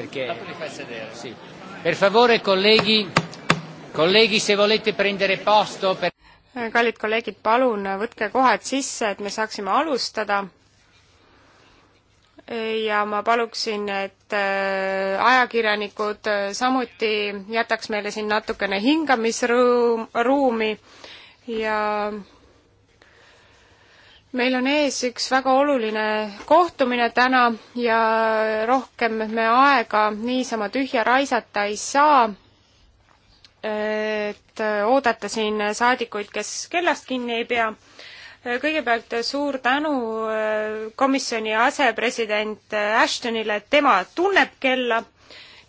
Perché... Sì. Per favore, colleghi, colleghi, se volete prendere posto. Per... kallid kolleegid, palun võtke kohad sisse, et me saaksime alustada. ja ma paluksin, et äh, ajakirjanikud äh, samuti jätaks meile siin natukene hingamisruumi ja meil on ees üks väga oluline kohtumine täna ja rohkem me aega niisama tühja raisata ei saa. et oodata siin saadikuid, kes kellast kinni ei pea. kõigepealt suur tänu äh, komisjoni asepresident äh, Ashtonile, et tema tunneb kella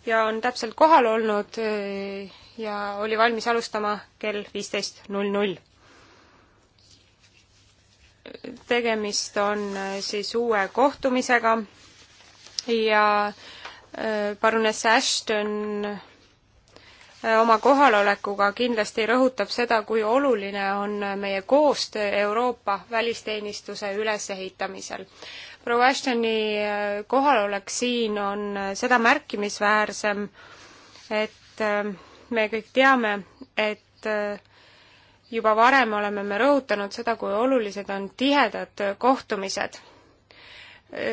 ja on täpselt kohal olnud äh, ja oli valmis alustama kell viisteist null null tegemist on äh, siis uue kohtumisega ja äh, paruness Ashton äh, oma kohalolekuga kindlasti rõhutab seda, kui oluline on meie koostöö Euroopa välisteenistuse ülesehitamisel. proua Ashtoni kohalolek siin on seda märkimisväärsem, et me kõik teame, et juba varem oleme me rõhutanud seda, kui olulised on tihedad kohtumised.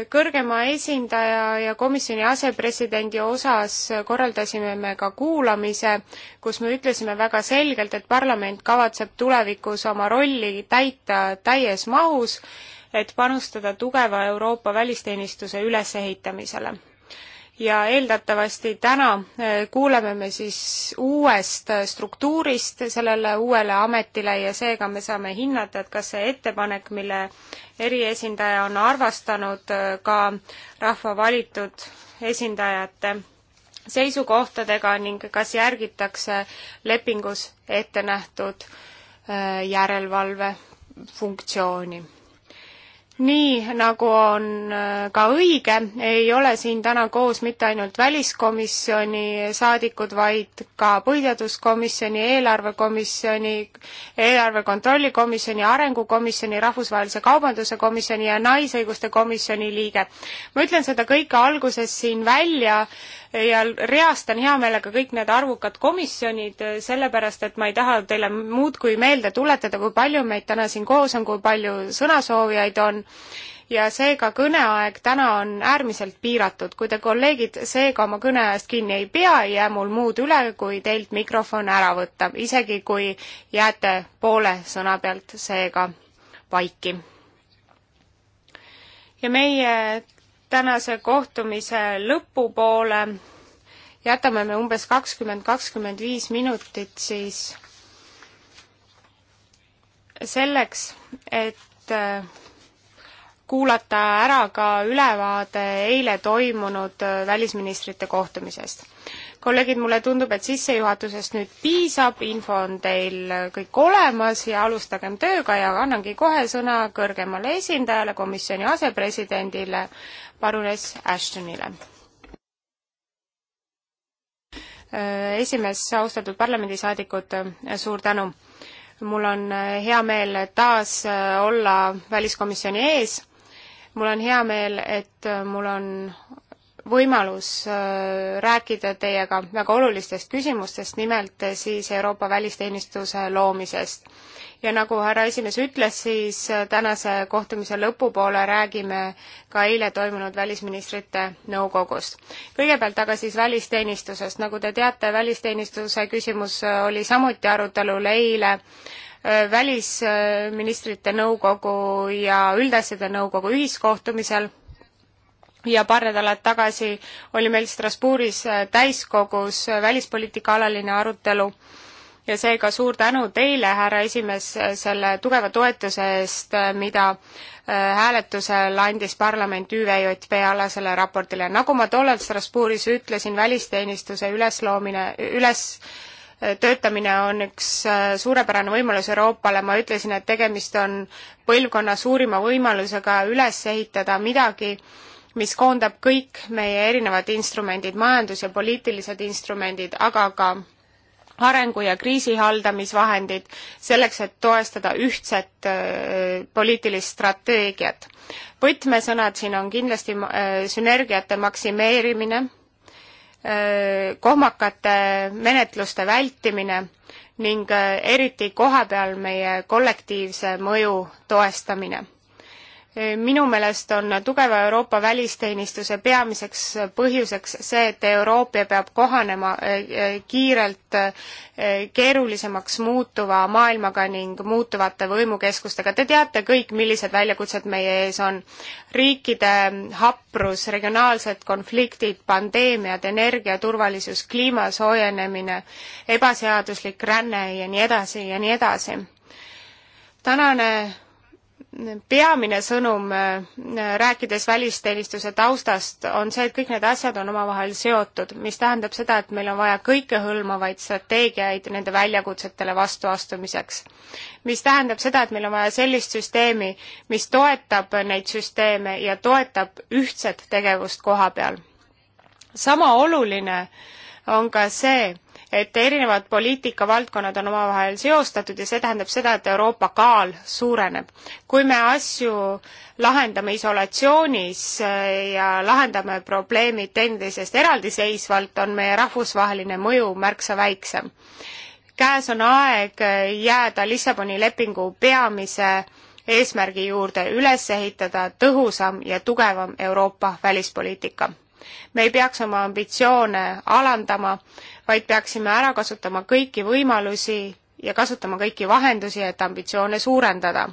kõrgema esindaja ja komisjoni asepresidendi osas korraldasime me ka kuulamise, kus me ütlesime väga selgelt, et parlament kavatseb tulevikus oma rolli täita täies mahus, et panustada tugeva Euroopa välisteenistuse ülesehitamisele ja eeldatavasti täna eh, kuuleme me siis uuest eh, struktuurist sellele uuele ametile ja seega me saame hinnata, et kas see ettepanek, mille eriesindaja on arvestanud eh, ka rahva valitud esindajate seisukohtadega ning kas järgitakse lepingus ette nähtud järelevalve funktsiooni nii nagu on äh, ka õige, ei ole siin täna koos mitte ainult väliskomisjoni saadikud, vaid ka põhiseaduskomisjoni, eelarvekomisjoni, eelarve kontrolli komisjoni, arengukomisjoni, rahvusvahelise kaubanduse komisjoni ja naisõiguste komisjoni liige. ma ütlen seda kõike alguses siin välja ja reastan hea meelega kõik need arvukad komisjonid, äh, sellepärast et ma ei taha teile muud kui meelde tuletada, kui palju meid täna siin koos on, kui palju sõnasoovijaid on ja seega kõneaeg täna on äärmiselt piiratud. kui te, kolleegid, seega oma kõne ajast kinni ei pea, ei jää mul muud üle, kui teilt mikrofon ära võtta, isegi kui jääte poole sõna pealt seega vaiki. ja meie tänase kohtumise lõpupoole jätame me umbes kakskümmend, kakskümmend viis minutit siis selleks, et kuulata ära ka ülevaade eile toimunud äh, välisministrite kohtumisest. kolleegid, mulle tundub, et sissejuhatusest nüüd piisab, info on teil äh, kõik olemas ja alustagem tööga ja annangi kohe sõna kõrgemale esindajale, komisjoni asepresidendile, paruness Ashtonile. Äh, esimees, austatud parlamendisaadikud, suur tänu mul on hea meel taas olla väliskomisjoni ees mul on hea meel, et äh, mul on võimalus äh, rääkida teiega väga olulistest küsimustest, nimelt äh, siis Euroopa välisteenistuse loomisest. ja nagu härra esimees ütles, siis tänase kohtumise lõpupoole räägime ka eile toimunud välisministrite nõukogust. kõigepealt aga siis välisteenistusest, nagu te teate, välisteenistuse küsimus oli samuti arutelul eile äh, Äh, välisministrite nõukogu ja üldasjade nõukogu ühiskohtumisel ja paar nädalat tagasi oli meil Strasbourgis äh, täiskogus äh, välispoliitika alaline arutelu ja seega suur tänu teile, härra esimees, selle tugeva toetuse eest, mida hääletusel andis parlament ÜVJP alasele raportile. nagu ma tollal Strasbourgis ütlesin, välisteenistuse ülesloomine, üles töötamine on üks äh, suurepärane võimalus Euroopale, ma ütlesin, et tegemist on põlvkonna suurima võimalusega üles ehitada midagi, mis koondab kõik meie erinevad instrumendid, majandus- ja poliitilised instrumendid, aga ka arengu- ja kriisihaldamisvahendid, selleks et toestada ühtset äh, poliitilist strateegiat. võtmesõnad siin on kindlasti äh, sünergiate maksimeerimine Äh, kohmakate menetluste vältimine ning äh, eriti kohapeal meie kollektiivse mõju toestamine minu meelest on tugeva Euroopa välisteenistuse peamiseks põhjuseks see, et Euroopa peab kohanema e, e, kiirelt e, keerulisemaks muutuva maailmaga ning muutuvate võimukeskustega. Te teate kõik, millised väljakutsed meie ees on. riikide haprus, regionaalsed konfliktid, pandeemiad, energiaturvalisus, kliima soojenemine, ebaseaduslik ränne ja nii edasi ja nii edasi. tänane peamine sõnum, äh, rääkides välisteenistuse taustast, on see, et kõik need asjad on omavahel seotud, mis tähendab seda, et meil on vaja kõikehõlmavaid strateegiaid nende väljakutsetele vastuastumiseks. mis tähendab seda, et meil on vaja sellist süsteemi, mis toetab neid süsteeme ja toetab ühtset tegevust koha peal. sama oluline on ka see, et erinevad poliitikavaldkonnad on omavahel seostatud ja see tähendab seda, et Euroopa kaal suureneb. kui me asju lahendame isolatsioonis eh, ja lahendame probleemid teineteisest eraldiseisvalt, on meie rahvusvaheline mõju märksa väiksem. käes on aeg eh, jääda Lissaboni lepingu peamise eesmärgi juurde üles ehitada tõhusam ja tugevam Euroopa välispoliitika me ei peaks oma ambitsioone alandama, vaid peaksime ära kasutama kõiki võimalusi ja kasutama kõiki vahendusi, et ambitsioone suurendada.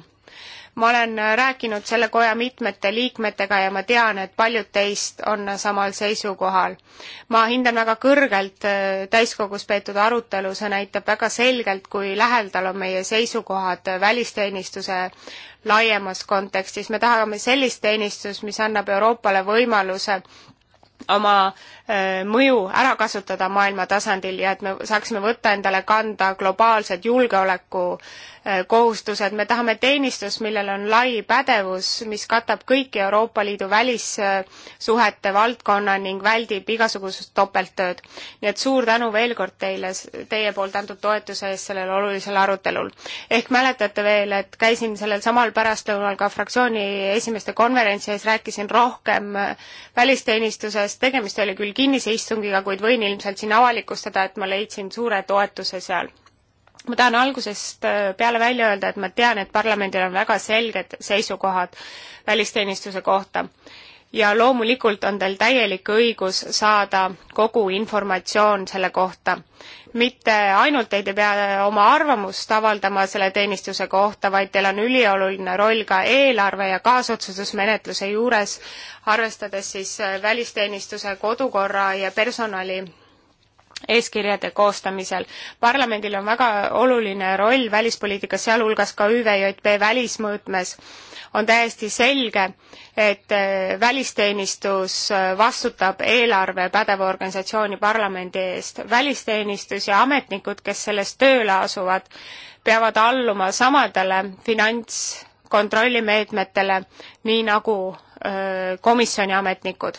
ma olen rääkinud selle koja mitmete liikmetega ja ma tean, et paljud teist on samal seisukohal. ma hindan väga kõrgelt äh, täiskogus peetud arutelu, see näitab väga selgelt, kui lähedal on meie seisukohad äh, välisteenistuse laiemas kontekstis, me tahame sellist teenistust, mis annab Euroopale võimaluse oma äh, mõju ära kasutada maailma tasandil ja et me saaksime võtta endale kanda globaalsed julgeoleku äh, kohustused, me tahame teenistust, millel on lai pädevus, mis katab kõiki Euroopa Liidu välissuhete valdkonna ning väldib igasugust topelttööd. nii et suur tänu veel kord teile, teie poolt antud toetuse eest sellel olulisel arutelul. ehk mäletate veel, et käisin sellel samal pärastlõunal ka fraktsiooni esimeeste konverentsi ees, rääkisin rohkem välisteenistusest, tegemist oli küll kinnise istungiga, kuid võin ilmselt siin avalikustada, et ma leidsin suure toetuse seal ma tahan algusest äh, peale välja öelda, et ma tean, et parlamendil on väga selged seisukohad välisteenistuse kohta ja loomulikult on teil täielik õigus saada kogu informatsioon selle kohta. mitte ainult ei te pea oma arvamust avaldama selle teenistuse kohta, vaid teil on ülioluline roll ka eelarve ja kaasotsustusmenetluse juures, arvestades siis välisteenistuse kodukorra ja personali eeskirjade koostamisel. parlamendil on väga oluline roll välispoliitikas, sealhulgas ka ÜVJP välismõõtmes. on täiesti selge, et äh, välisteenistus äh, vastutab eelarve pädeva organisatsiooni parlamendi eest. välisteenistus ja ametnikud, kes selles tööle asuvad, peavad alluma samadele finants kontrollimeetmetele, nii nagu Äh, komisjoni ametnikud.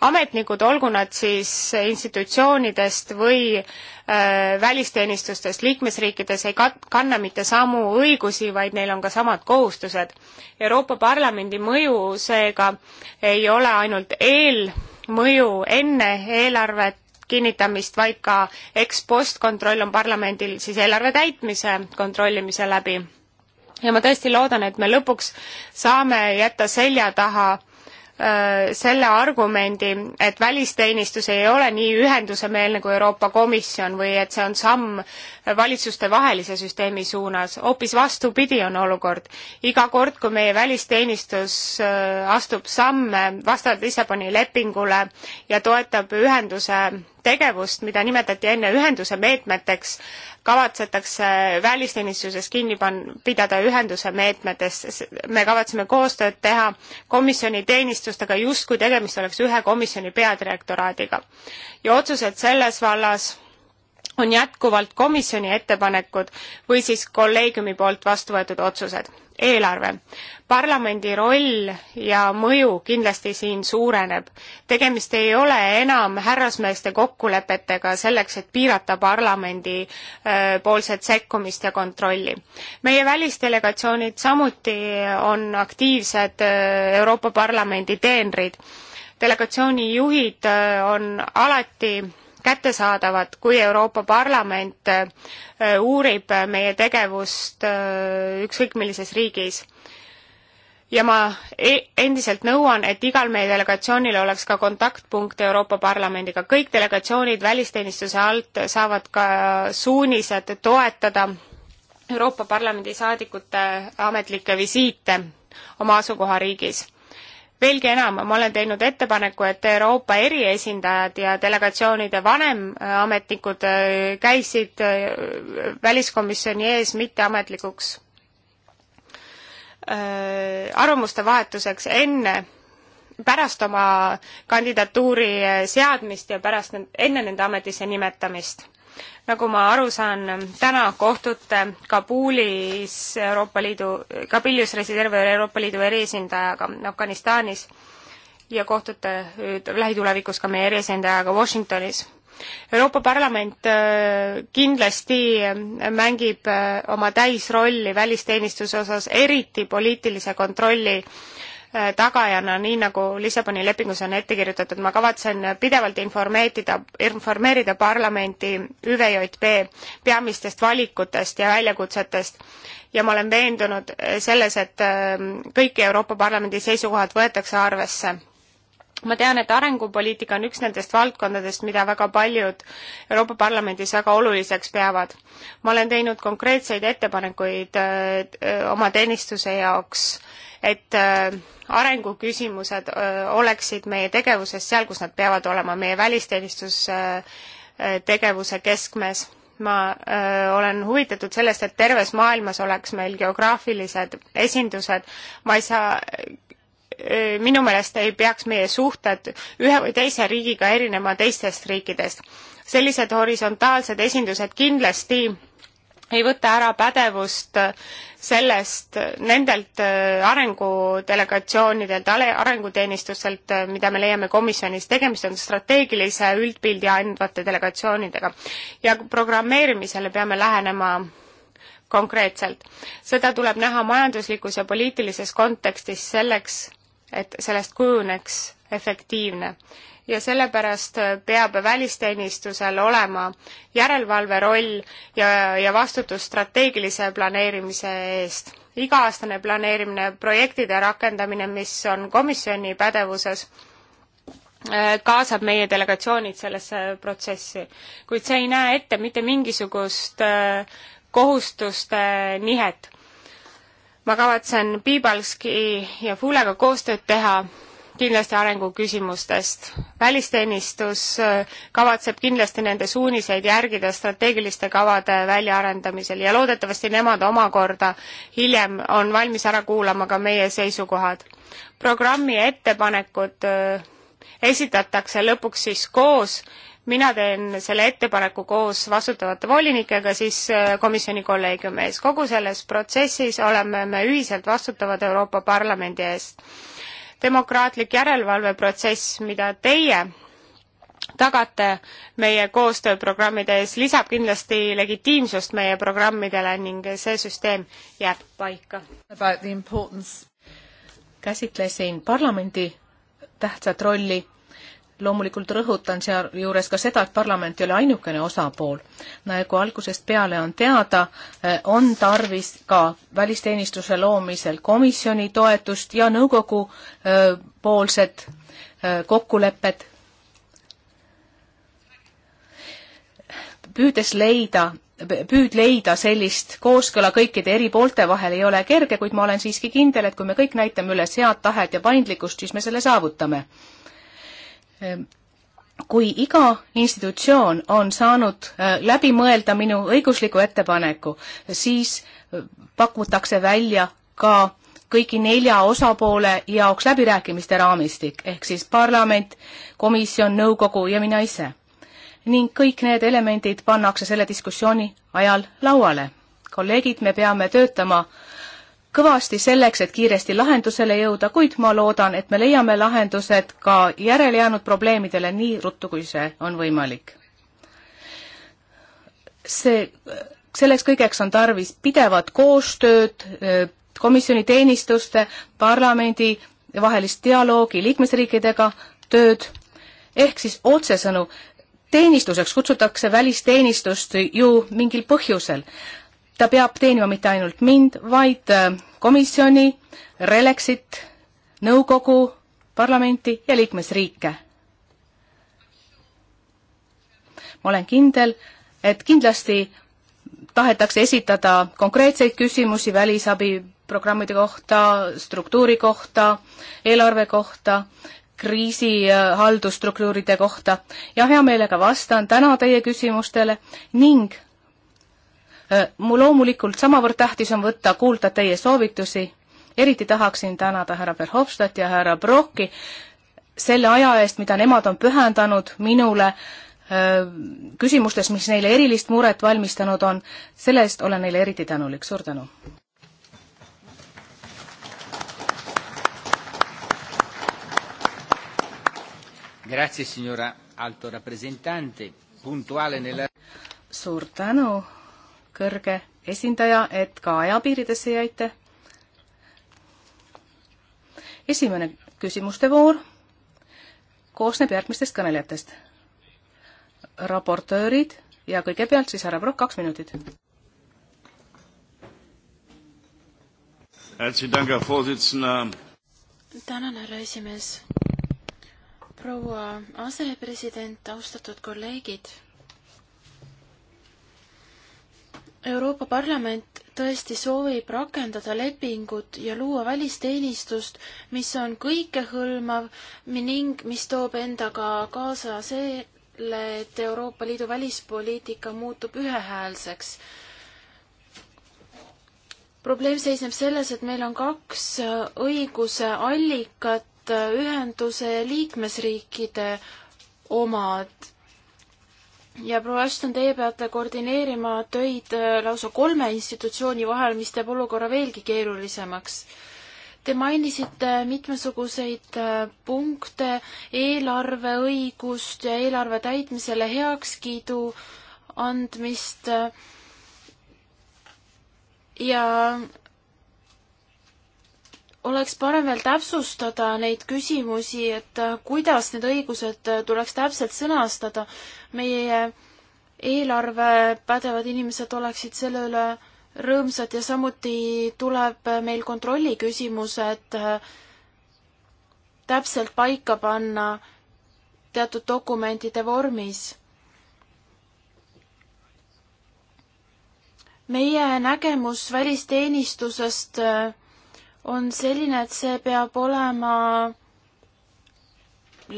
ametnikud, olgu nad siis institutsioonidest või äh, välisteenistustest liikmesriikides, ei kat-, kanna mitte samu õigusi, vaid neil on ka samad kohustused. Euroopa Parlamendi mõju seega ei ole ainult eelmõju enne eelarvet, kinnitamist, vaid ka ex-post kontroll on parlamendil siis eelarve täitmise kontrollimise läbi ja ma tõesti loodan, et me lõpuks saame jätta selja taha äh, selle argumendi, et välisteenistus ei ole nii ühendusemeelne kui Euroopa Komisjon või et see on samm valitsustevahelise süsteemi suunas. hoopis vastupidi on olukord. iga kord, kui meie välisteenistus äh, astub samme vastavalt Lissaboni lepingule ja toetab ühenduse tegevust, mida nimetati enne ühenduse meetmeteks, kavatsetakse välisteenistuses kinni pan-, pidada ühenduse meetmetest, me kavatseme koostööd teha komisjoni teenistustega, justkui tegemist oleks ühe komisjoni peadirektoraadiga. ja otsused selles vallas on jätkuvalt komisjoni ettepanekud või siis kolleegiumi poolt vastu võetud otsused eelarve. parlamendi roll ja mõju kindlasti siin suureneb. tegemist ei ole enam härrasmeeste kokkulepetega selleks, et piirata parlamendi äh, poolset sekkumist ja kontrolli. meie välisdelegatsioonid samuti on aktiivsed äh, Euroopa Parlamendi teenrid. delegatsiooni juhid äh, on alati kättesaadavad, kui Euroopa Parlament äh, uurib äh, meie tegevust äh, ükskõik millises riigis. ja ma e-, endiselt nõuan, et igal meie delegatsioonil oleks ka kontaktpunkt Euroopa Parlamendiga, kõik delegatsioonid välisteenistuse alt saavad ka suunised toetada Euroopa Parlamendi saadikute ametlikke visiite oma asukohariigis veelgi enam, ma olen teinud ettepaneku, et Euroopa eriesindajad ja delegatsioonide vanemametnikud äh, käisid äh, väliskomisjoni ees mitteametlikuks äh, arvamuste vahetuseks enne pärast oma kandidatuuri seadmist ja pärast, enne nende ametisse nimetamist nagu ma aru saan, täna kohtute Kabulis Euroopa Liidu, Kabilius reservööri Euroopa Liidu eriesindajaga Afganistanis ja kohtute lähitulevikus ka meie eriesindajaga Washingtonis. Euroopa Parlament äh, kindlasti äh, mängib äh, oma täisrolli välisteenistuse osas, eriti poliitilise kontrolli äh, Äh, tagajana, nii nagu Lissaboni lepingus on ette kirjutatud, ma kavatsen pidevalt informeerida, informeerida parlamenti ÜVJP peamistest valikutest ja väljakutsetest ja ma olen veendunud äh, selles, et äh, kõik Euroopa Parlamendi seisukohad võetakse arvesse ma tean, et arengupoliitika on üks nendest valdkondadest, mida väga paljud Euroopa Parlamendis väga oluliseks peavad. ma olen teinud konkreetseid ettepanekuid öö, oma teenistuse jaoks et äh, arenguküsimused äh, oleksid meie tegevuses seal, kus nad peavad olema, meie välisteenistus äh, tegevuse keskmes. ma öö, olen huvitatud sellest, et terves maailmas oleks meil geograafilised esindused, ma ei saa minu meelest ei peaks meie suhted ühe või teise riigiga erinema teistest riikidest. sellised horisontaalsed esindused kindlasti ei võta ära pädevust sellest, nendelt äh, arengudelegatsioonidelt, arenguteenistustelt, äh, mida me leiame komisjonis, tegemist on strateegilise üldpildi andvate delegatsioonidega. ja programmeerimisele peame lähenema konkreetselt. seda tuleb näha majanduslikus ja poliitilises kontekstis selleks, et sellest kujuneks efektiivne ja sellepärast peab välisteenistusel olema järelevalve roll ja, ja vastutus strateegilise planeerimise eest. iga-aastane planeerimine, projektide rakendamine, mis on komisjoni pädevuses, äh, kaasab meie delegatsioonid sellesse protsessi, kuid see ei näe ette mitte mingisugust äh, kohustuste nihet. ma kavatsen Piibalski ja Fulega koostööd teha kindlasti arenguküsimustest. välisteenistus äh, kavatseb kindlasti nende suuniseid järgida strateegiliste kavade väljaarendamisel ja loodetavasti nemad omakorda hiljem on valmis ära kuulama ka meie seisukohad. programmi ettepanekud äh, esitatakse lõpuks siis koos, mina teen selle ettepaneku koos vastutavate volinikega siis äh, komisjoni kolleegiumi ees. kogu selles protsessis oleme me ühiselt vastutavad Euroopa Parlamendi eest demokraatlik järelevalveprotsess, mida teie tagate meie koostööprogrammide ees, lisab kindlasti legitiimsust meie programmidele ning see süsteem jääb paika. käsitlesin parlamendi tähtsat rolli loomulikult rõhutan sealjuures ka seda, et parlament ei ole ainukene osapool. nagu algusest peale on teada, eh, on tarvis ka välisteenistuse loomisel komisjoni toetust ja nõukogu eh, poolsed eh, kokkulepped, püüdes leida püüd leida sellist kooskõla kõikide eri poolte vahel ei ole kerge, kuid ma olen siiski kindel, et kui me kõik näitame üles head tahet ja paindlikkust, siis me selle saavutame Ehm, kui iga institutsioon on saanud äh, läbi mõelda minu õigusliku ettepaneku, siis äh, pakutakse välja ka kõigi nelja osapoole jaoks läbirääkimiste raamistik, ehk siis parlament, komisjon, nõukogu ja mina ise. ning kõik need elemendid pannakse selle diskussiooni ajal lauale. kolleegid, me peame töötama äh, kõvasti selleks, et kiiresti lahendusele jõuda, kuid ma loodan, et me leiame lahendused ka järelejäänud probleemidele nii ruttu, kui see on võimalik. see, selleks kõigeks on tarvis pidevat koostööd e, komisjoni teenistuste, parlamendi vahelist dialoogi liikmesriikidega, tööd, ehk siis otsesõnu, teenistuseks kutsutakse välisteenistust ju mingil põhjusel ta peab teenima mitte ainult mind, vaid äh, komisjoni, Relexit, nõukogu, parlamenti ja liikmesriike. ma olen kindel, et kindlasti tahetakse esitada konkreetseid küsimusi välisabiprogrammide kohta, struktuuri kohta, eelarve kohta, kriisihaldusstruktuuride äh, kohta ja hea meelega vastan täna teie küsimustele ning Äh, mu loomulikult samavõrd tähtis on võtta kuulda teie soovitusi, eriti tahaksin tänada härra Verhofstadt ja härra Brocki selle aja eest, mida nemad on pühendanud minule äh, küsimustes, mis neile erilist muret valmistanud on, selle eest olen neile eriti tänulik, suur tänu! Grazie signora alto rappresentante, puntuale nella suur tänu, kõrge esindaja, et ka ajapiiridesse jäite. esimene küsimuste voor koosneb järgmistest kõnelejatest. raportöörid ja kõigepealt siis härra Prokk, kaks minutit. tänan, härra esimees. proua asepresident, austatud kolleegid Euroopa Parlament tõesti soovib rakendada lepingut ja luua välisteenistust, mis on kõikehõlmav ning mis toob endaga kaasa selle, et Euroopa Liidu välispoliitika muutub ühehäälseks. probleem seisneb selles, et meil on kaks õiguse allikat, ühenduse liikmesriikide omad ja proua Ashton, teie peate koordineerima töid äh, lausa kolme institutsiooni vahel, mis teeb olukorra veelgi keerulisemaks. Te mainisite mitmesuguseid äh, punkte, eelarveõigust ja eelarve täitmisele heakskiidu andmist äh, ja oleks parem veel täpsustada neid küsimusi, et kuidas need õigused tuleks täpselt sõnastada meie eelarve pädevad inimesed oleksid selle üle rõõmsad ja samuti tuleb meil kontrolli küsimused äh, täpselt paika panna teatud dokumentide vormis meie nägemus välisteenistusest äh, on selline, et see peab olema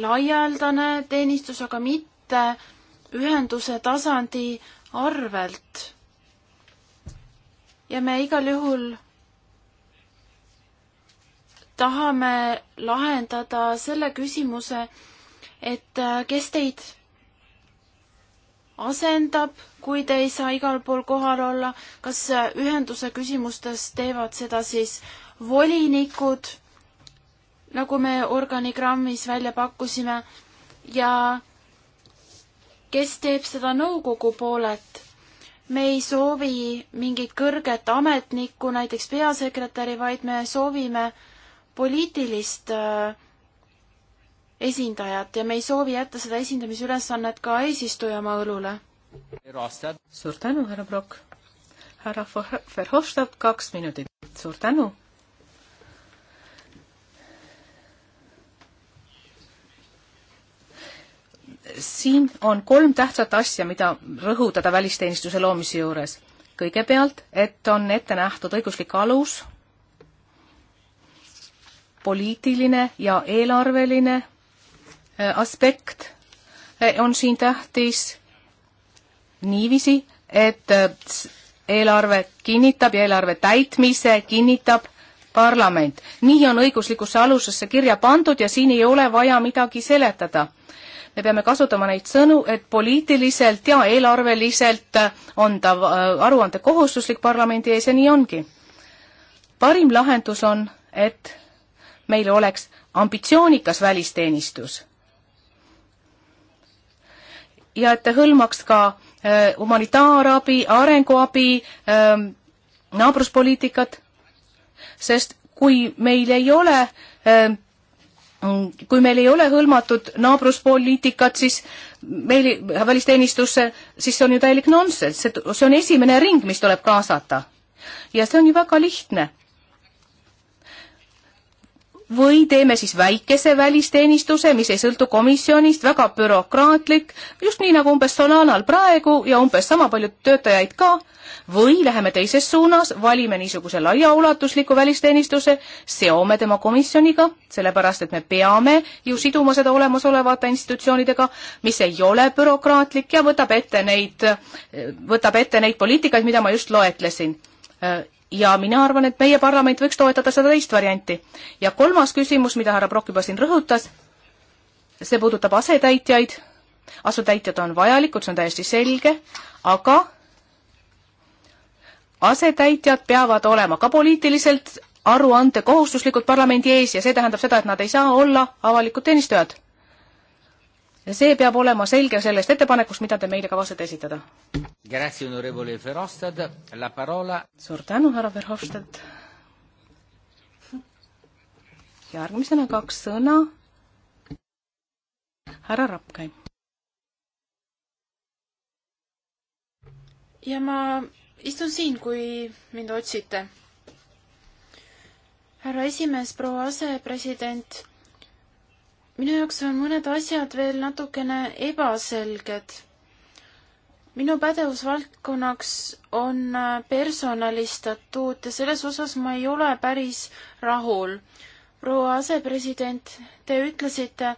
laialdane teenistus, aga mitte ühenduse tasandi arvelt. ja me igal juhul tahame lahendada selle küsimuse, et äh, kes teid asendab, kui te ei saa igal pool kohal olla, kas äh, ühenduse küsimustes teevad seda siis volinikud, nagu me organigrammis välja pakkusime, ja kes teeb seda nõukogu poolelt? me ei soovi mingit kõrget ametnikku, näiteks peasekretäri, vaid me soovime poliitilist äh, esindajat ja me ei soovi jätta seda esindamisülesannet ka eesistujamaa õlule. suur tänu, härra Brock. härra Verhofstadt, kaks minutit. suur tänu siin on kolm tähtsat asja, mida rõhutada välisteenistuse loomise juures. kõigepealt, et on ette nähtud õiguslik alus, poliitiline ja eelarveline äh, aspekt äh, on siin tähtis niiviisi, et äh, eelarve kinnitab ja eelarve täitmise kinnitab parlament. nii on õiguslikkusse alusesse kirja pandud ja siin ei ole vaja midagi seletada me peame kasutama neid sõnu, et poliitiliselt ja eelarveliselt on ta äh, aruande kohustuslik parlamendi ees ja nii ongi. parim lahendus on, et meil oleks ambitsioonikas välisteenistus. ja et ta hõlmaks ka äh, humanitaarabi, arenguabi, ähm, naabruspoliitikat, sest kui meil ei ole ähm, kui meil ei ole hõlmatud naabruspoliitikat, siis meil, välisteenistusse, siis see on ju täielik nonsenss, see on esimene ring, mis tuleb kaasata. ja see on ju väga lihtne või teeme siis väikese välisteenistuse, mis ei sõltu komisjonist, väga bürokraatlik, just nii nagu umbes Solanal praegu ja umbes sama palju töötajaid ka, või läheme teises suunas, valime niisuguse laiaulatusliku välisteenistuse, seome tema komisjoniga, sellepärast et me peame ju siduma seda olemasolevate institutsioonidega, mis ei ole bürokraatlik ja võtab ette neid, võtab ette neid poliitikaid, mida ma just loetlesin ja mina arvan, et meie parlament võiks toetada seda teist varianti. ja kolmas küsimus, mida härra Prokk juba siin rõhutas, see puudutab asetäitjaid. asetäitjad on vajalikud, see on täiesti selge, aga asetäitjad peavad olema ka poliitiliselt aruandekohustuslikud parlamendi ees ja see tähendab seda, et nad ei saa olla avalikud teenistujad see peab olema selge sellest ettepanekust, mida te meile kavatsete esitada. suur tänu, härra Verhofstadt. järgmisena kaks sõna. härra Rapkai. ja ma istun siin, kui mind otsite. härra esimees, proua asepresident minu jaoks on mõned asjad veel natukene ebaselged. minu pädevusvaldkonnaks on äh, personalistatuut ja selles osas ma ei ole päris rahul. proua asepresident, te ütlesite,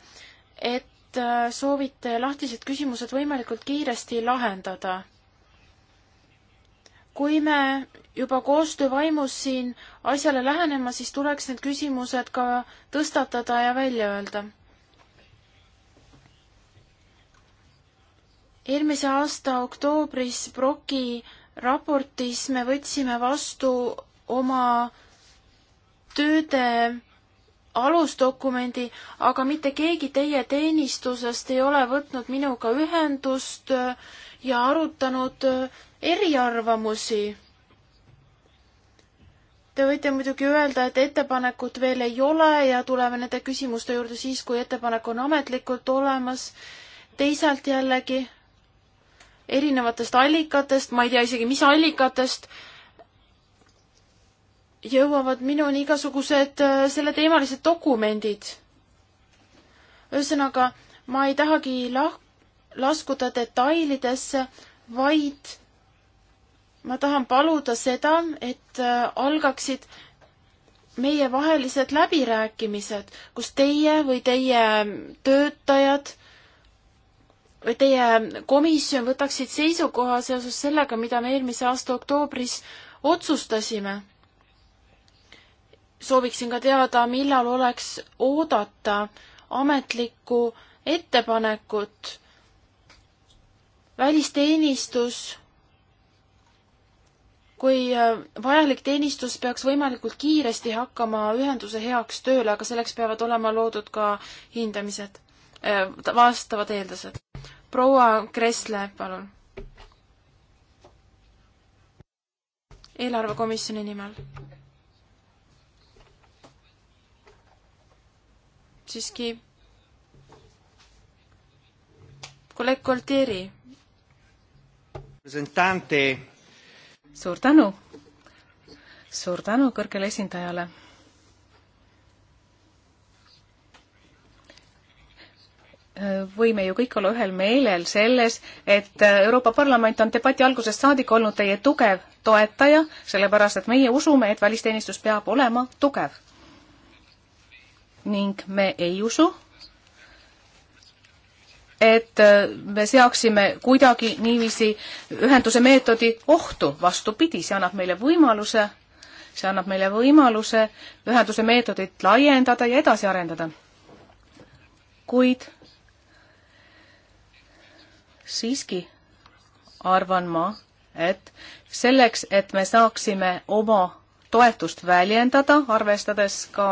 et äh, soovite lahtised küsimused võimalikult kiiresti lahendada. kui me juba koostöö vaimus siin asjale lähenema, siis tuleks need küsimused ka tõstatada ja välja öelda. eelmise aasta oktoobris Broki raportis me võtsime vastu oma tööde alusdokumendi, aga mitte keegi teie teenistusest ei ole võtnud minuga ühendust äh, ja arutanud äh, eriarvamusi. Te võite muidugi öelda, et ettepanekut veel ei ole ja tuleme nende küsimuste juurde siis, kui ettepanek on ametlikult olemas. teisalt jällegi erinevatest allikatest, ma ei tea isegi, mis allikatest, jõuavad minuni igasugused äh, selleteemalised dokumendid. ühesõnaga, ma ei tahagi lah-, laskuda detailidesse, vaid ma tahan paluda seda, et äh, algaksid meievahelised läbirääkimised, kus teie või teie mm, töötajad või teie komisjon võtaksid seisukoha seoses sellega, mida me eelmise aasta oktoobris otsustasime. sooviksin ka teada, millal oleks oodata ametlikku ettepanekut. välisteenistus, kui äh, vajalik teenistus peaks võimalikult kiiresti hakkama ühenduse heaks tööle, aga selleks peavad olema loodud ka hindamised, äh, vastavad eeldused proua Kressle, palun. eelarvekomisjoni nimel. siiski kolleeg Koltieri. suur tänu, suur tänu kõrgele esindajale võime ju kõik olla ühel meelel selles, et Euroopa Parlament on debati algusest saadik olnud teie tugev toetaja, sellepärast et meie usume, et välisteenistus peab olema tugev. ning me ei usu, et me seaksime kuidagi niiviisi ühenduse meetodi ohtu, vastupidi, see annab meile võimaluse, see annab meile võimaluse ühenduse meetodit laiendada ja edasi arendada. kuid siiski arvan ma, et selleks, et me saaksime oma toetust väljendada, arvestades ka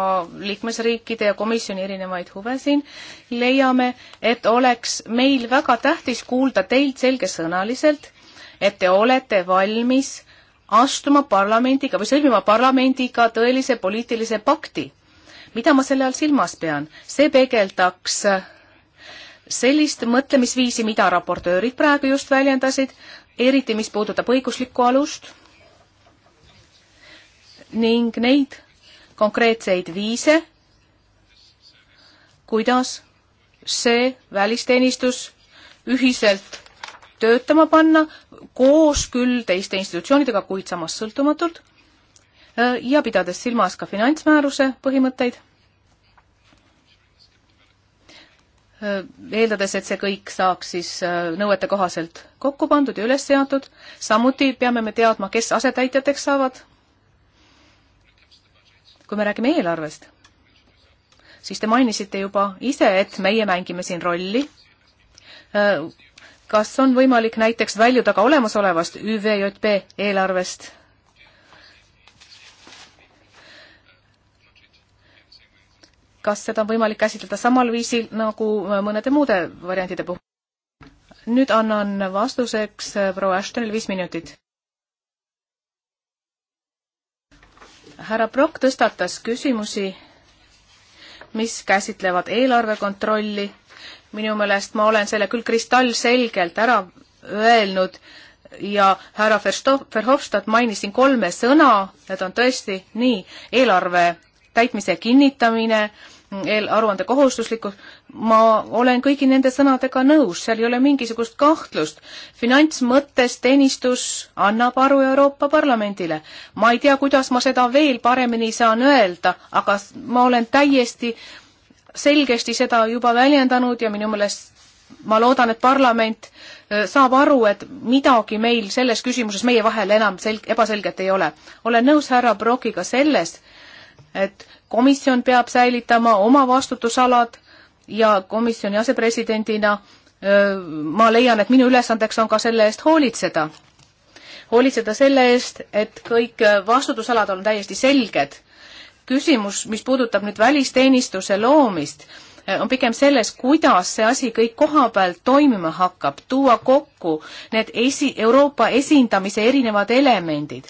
liikmesriikide ja komisjoni erinevaid huve siin, leiame, et oleks meil väga tähtis kuulda teilt selgesõnaliselt, et te olete valmis astuma parlamendiga või sõlmima parlamendiga tõelise poliitilise pakti. mida ma selle all silmas pean? see peegeldaks sellist mõtlemisviisi, mida raportöörid praegu just väljendasid, eriti mis puudutab õiguslikku alust ning neid konkreetseid viise, kuidas see välisteenistus ühiselt töötama panna, koos küll teiste institutsioonidega, kuid samas sõltumatult ja pidades silmas ka finantsmääruse põhimõtteid Äh, eeldades, et see kõik saaks siis äh, nõuete kohaselt kokku pandud ja üles seatud. samuti peame me teadma, kes asetäitjateks saavad. kui me räägime eelarvest, siis te mainisite juba ise, et meie mängime siin rolli. Äh, kas on võimalik näiteks väljuda ka olemasolevast ÜVJP eelarvest kas seda on võimalik käsitleda samal viisil nagu mõnede muude variantide puhul? nüüd annan vastuseks äh, proua Ashtonile viis minutit. härra Brock tõstatas küsimusi, mis käsitlevad eelarvekontrolli. minu meelest ma olen selle küll kristallselgelt ära öelnud ja härra Verhofstadt mainis siin kolme sõna, need on tõesti nii, eelarve täitmise kinnitamine, eelaruande kohustuslikud, ma olen kõigi nende sõnadega nõus, seal ei ole mingisugust kahtlust. finantsmõttes teenistus annab aru Euroopa Parlamendile. ma ei tea, kuidas ma seda veel paremini saan öelda, aga ma olen täiesti selgesti seda juba väljendanud ja minu meelest ma loodan, et parlament saab aru, et midagi meil selles küsimuses meie vahel enam selg-, ebaselget ei ole. olen nõus härra Brokiga selles, et komisjon peab säilitama oma vastutusalad ja komisjoni asepresidendina ma leian, et minu ülesandeks on ka selle eest hoolitseda. hoolitseda selle eest, et kõik vastutusalad on täiesti selged. küsimus, mis puudutab nüüd välisteenistuse loomist Äh, on pigem selles, kuidas see asi kõik kohapeal toimima hakkab, tuua kokku need esi, Euroopa esindamise erinevad elemendid.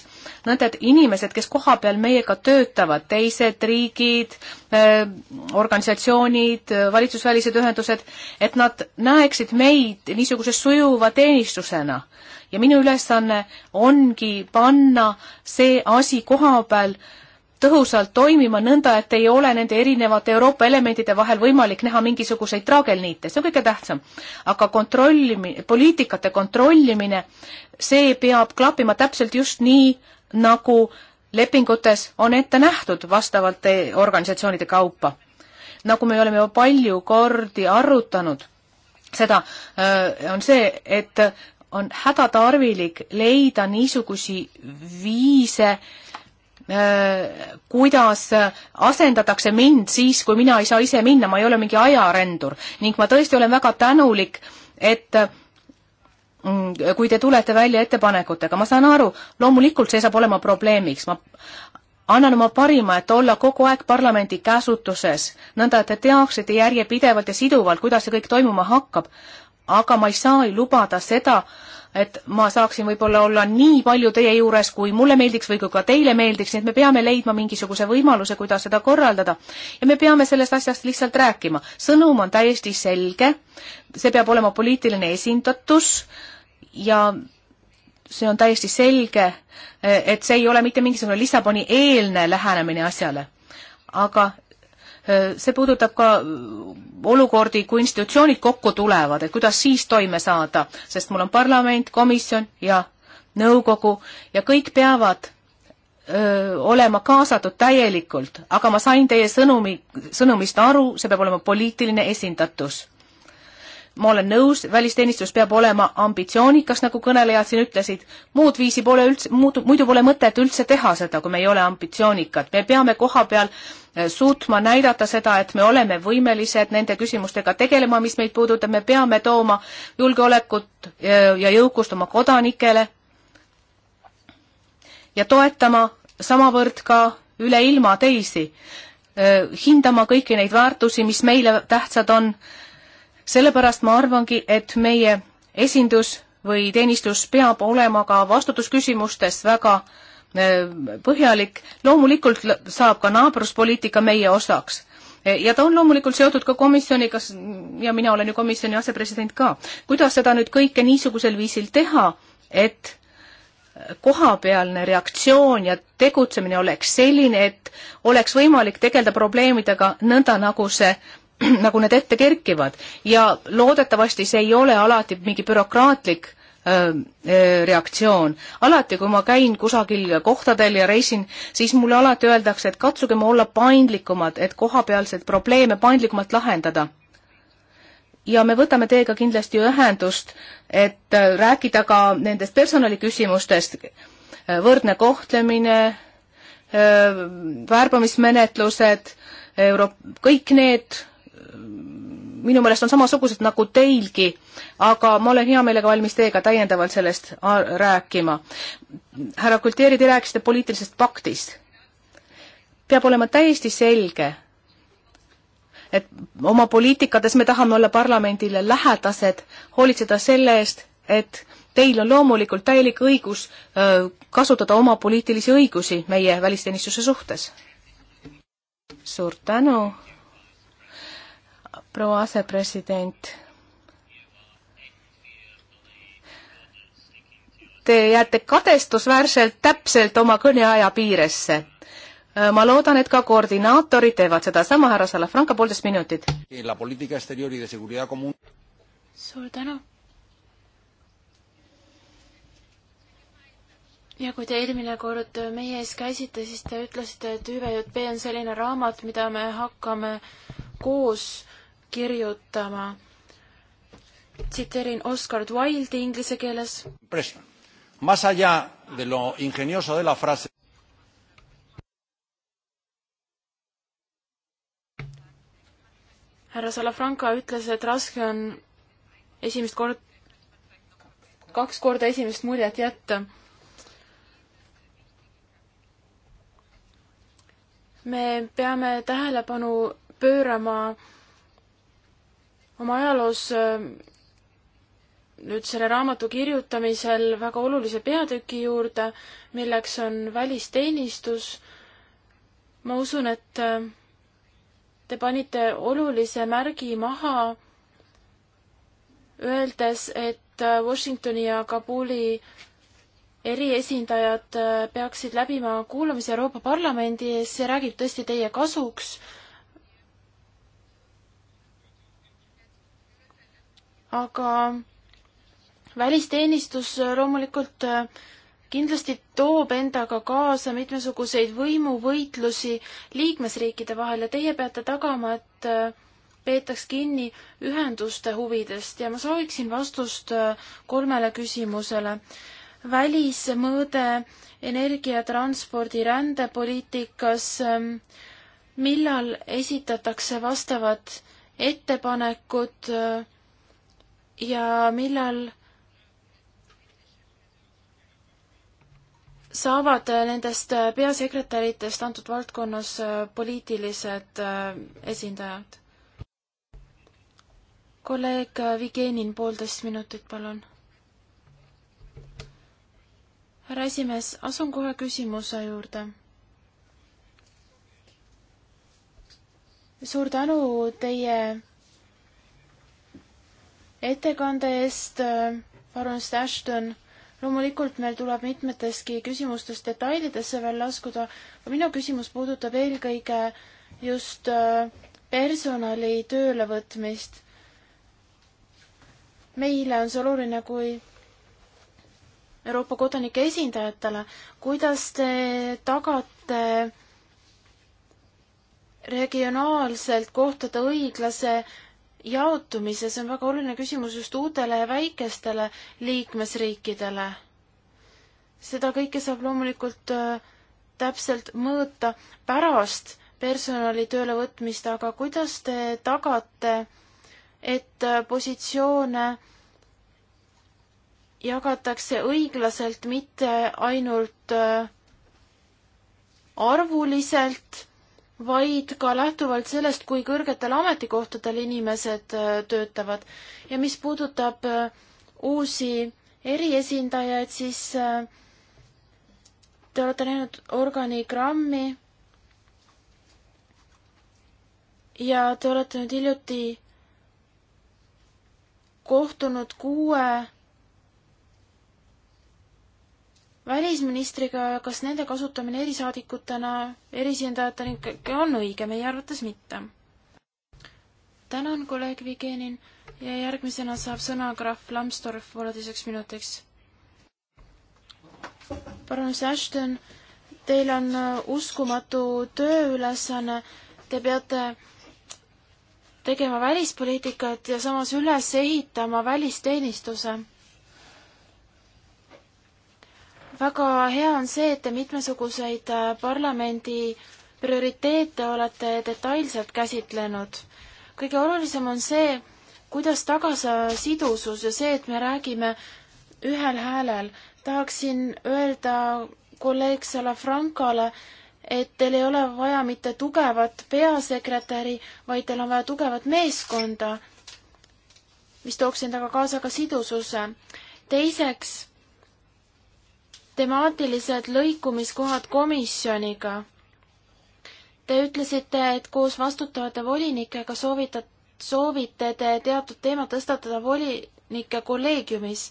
nõnda, et inimesed, kes kohapeal meiega töötavad, teised riigid, äh, organisatsioonid, äh, valitsusvälised ühendused, et nad näeksid meid niisuguse sujuva teenistusena ja minu ülesanne ongi panna see asi koha peal äh, tõhusalt toimima nõnda, et ei ole nende erinevate Euroopa elementide vahel võimalik näha mingisuguseid traagelniite, see on kõige tähtsam. aga kontrollimine, poliitikate kontrollimine, see peab klappima täpselt just nii, nagu lepingutes on ette nähtud vastavalt organisatsioonide kaupa. nagu me oleme juba palju kordi arutanud, seda äh, on see, et on hädatarvilik leida niisugusi viise, Äh, kuidas asendatakse mind siis, kui mina ei saa ise minna, ma ei ole mingi ajarendur ning ma tõesti olen väga tänulik, et mm, kui te tulete välja ettepanekutega, ma saan aru, loomulikult see saab olema probleemiks, ma annan oma parima, et olla kogu aeg parlamendi käsutuses, nõnda et te teaksite järjepidevalt ja siduvalt, kuidas see kõik toimuma hakkab, aga ma ei saa lubada seda äh,, et ma saaksin võib-olla olla nii palju teie juures, kui mulle meeldiks või kui ka teile meeldiks, nii et me peame leidma mingisuguse võimaluse, kuidas seda korraldada. ja me peame sellest asjast lihtsalt rääkima. sõnum on täiesti selge, see peab olema poliitiline esindatus ja see on täiesti selge, et see ei ole mitte mingisugune Lissaboni eelne lähenemine asjale. aga Äh, see puudutab ka äh, olukordi, kui institutsioonid kokku tulevad, et kuidas siis toime saada, sest mul on parlament, komisjon ja nõukogu ja kõik peavad öö, äh, olema kaasatud täielikult, aga ma sain teie sõnumi, sõnumist aru, see peab olema poliitiline esindatus ma olen nõus, välisteenistus peab olema ambitsioonikas, nagu kõnelejad siin ütlesid, muud viisi pole üldse, muud, muidu pole mõtet üldse teha seda, kui me ei ole ambitsioonikad. me peame koha peal eh, suutma näidata seda, et me oleme võimelised nende küsimustega tegelema, mis meid puudutab, me peame tooma julgeolekut eh, ja jõukust oma kodanikele ja toetama samavõrd ka üle ilma teisi, eh, hindama kõiki neid väärtusi, mis meile tähtsad on sellepärast ma arvangi, et meie esindus või teenistus peab olema ka vastutusküsimustes väga äh, põhjalik, loomulikult saab ka naabruspoliitika meie osaks. E, ja ta on loomulikult seotud ka komisjoniga ja mina olen ju komisjoni asepresident ka. kuidas seda nüüd kõike niisugusel viisil teha, et kohapealne reaktsioon ja tegutsemine oleks selline, et oleks võimalik tegeleda probleemidega nõnda, nagu see nagu need ette kerkivad ja loodetavasti see ei ole alati mingi bürokraatlik reaktsioon. alati, kui ma käin kusagil kohtadel ja reisin, siis mulle alati öeldakse, et katsugem olla paindlikumad, et kohapealseid probleeme paindlikumalt lahendada. ja me võtame teiega kindlasti ühendust, et äh, rääkida ka nendest personaliküsimustest, äh, võrdne kohtlemine, äh, värbamismenetlused, euro-, kõik need minu meelest on samasugused nagu teilgi, aga ma olen hea meelega valmis teiega täiendavalt sellest rääkima. härra Kulteeri, te rääkisite poliitilisest paktist. peab olema täiesti selge, et oma poliitikates me tahame olla parlamendile lähedased, hoolitseda selle eest, et teil on loomulikult täielik õigus öö, kasutada oma poliitilisi õigusi meie välisteenistuse suhtes. suur tänu proua asepresident. Te jääte kadestusväärselt täpselt oma kõneaja piiresse. Äh, ma loodan, et ka koordinaatorid teevad sedasama, härra Salafranca, poolteist minutit. suur tänu ja kui te eelmine kord meie ees käisite, siis te ütlesite, et ÜVJP on selline raamat, mida me hakkame koos kirjutama. tsiteerin Oscar Wilde'i inglise keeles. Más allá de lo ingenioso de la frase. härra Salafranca ütles, et raske on esimest kord, kaks korda esimest muljet jätta me peame tähelepanu pöörama oma ajaloos äh, nüüd selle raamatu kirjutamisel väga olulise peatüki juurde, milleks on välisteenistus. ma usun, et äh, te panite olulise märgi maha, öeldes, et äh, Washingtoni ja Kabuli eriesindajad peaksid läbima kuulamise Euroopa Parlamendi ees, see räägib tõesti teie kasuks aga välisteenistus äh, loomulikult äh, kindlasti toob endaga kaasa mitmesuguseid võimuvõitlusi liikmesriikide vahel ja teie peate tagama, et äh, peetaks kinni ühenduste huvidest ja ma sooviksin vastust kolmele küsimusele. välismõõde energia, transpordi, rändepoliitikas, ähm, millal esitatakse vastavad ettepanekud äh, ja millal saavad nendest peasekretäritest antud valdkonnas äh, poliitilised äh, esindajad? kolleeg Vigenin, poolteist minutit, palun. härra esimees, asun kohe küsimuse juurde. suur tänu teie ettekande eest, Baroness äh, Ashton. loomulikult meil tuleb mitmeteski küsimustes detailidesse veel laskuda, aga minu küsimus puudutab eelkõige just äh, personali töölevõtmist. meile on see oluline kui Euroopa kodanike esindajatele, kuidas te tagate regionaalselt kohtade õiglase jaotumise, see on väga oluline küsimus just uutele ja väikestele liikmesriikidele. seda kõike saab loomulikult äh, täpselt mõõta pärast personali töölevõtmist, aga kuidas te tagate, et äh, positsioone jagatakse õiglaselt, mitte ainult äh, arvuliselt vaid ka lähtuvalt sellest, kui kõrgetel ametikohtadel inimesed äh, töötavad. ja mis puudutab äh, uusi eriesindajaid, siis äh, te olete näinud organigrammi ja te olete nüüd hiljuti kohtunud kuue välisministriga, kas nende kasutamine erisaadikutena, erisindajatena ikkagi on õige, meie arvates mitte. tänan, kolleeg Vigenin ja järgmisena saab sõna krahv Lambsdorff pooleteiseks minutiks. baroness Ashton, teil on äh, uskumatu tööülesanne, te peate tegema välispoliitikat ja samas üles ehitama välisteenistuse väga hea on see, et te mitmesuguseid äh, parlamendi prioriteete olete detailselt käsitlenud. kõige olulisem on see, kuidas tagada sidusus ja see, et me räägime ühel häälel. tahaksin öelda kolleeg Salafrancale, et teil ei ole vaja mitte tugevat peasekretäri, vaid teil on vaja tugevat meeskonda, mis tooks endaga kaasa ka sidususe. teiseks temaatilised lõikumiskohad komisjoniga. Te ütlesite, et koos vastutavate volinikega soovitad, soovite te teatud teema tõstatada volinike kolleegiumis.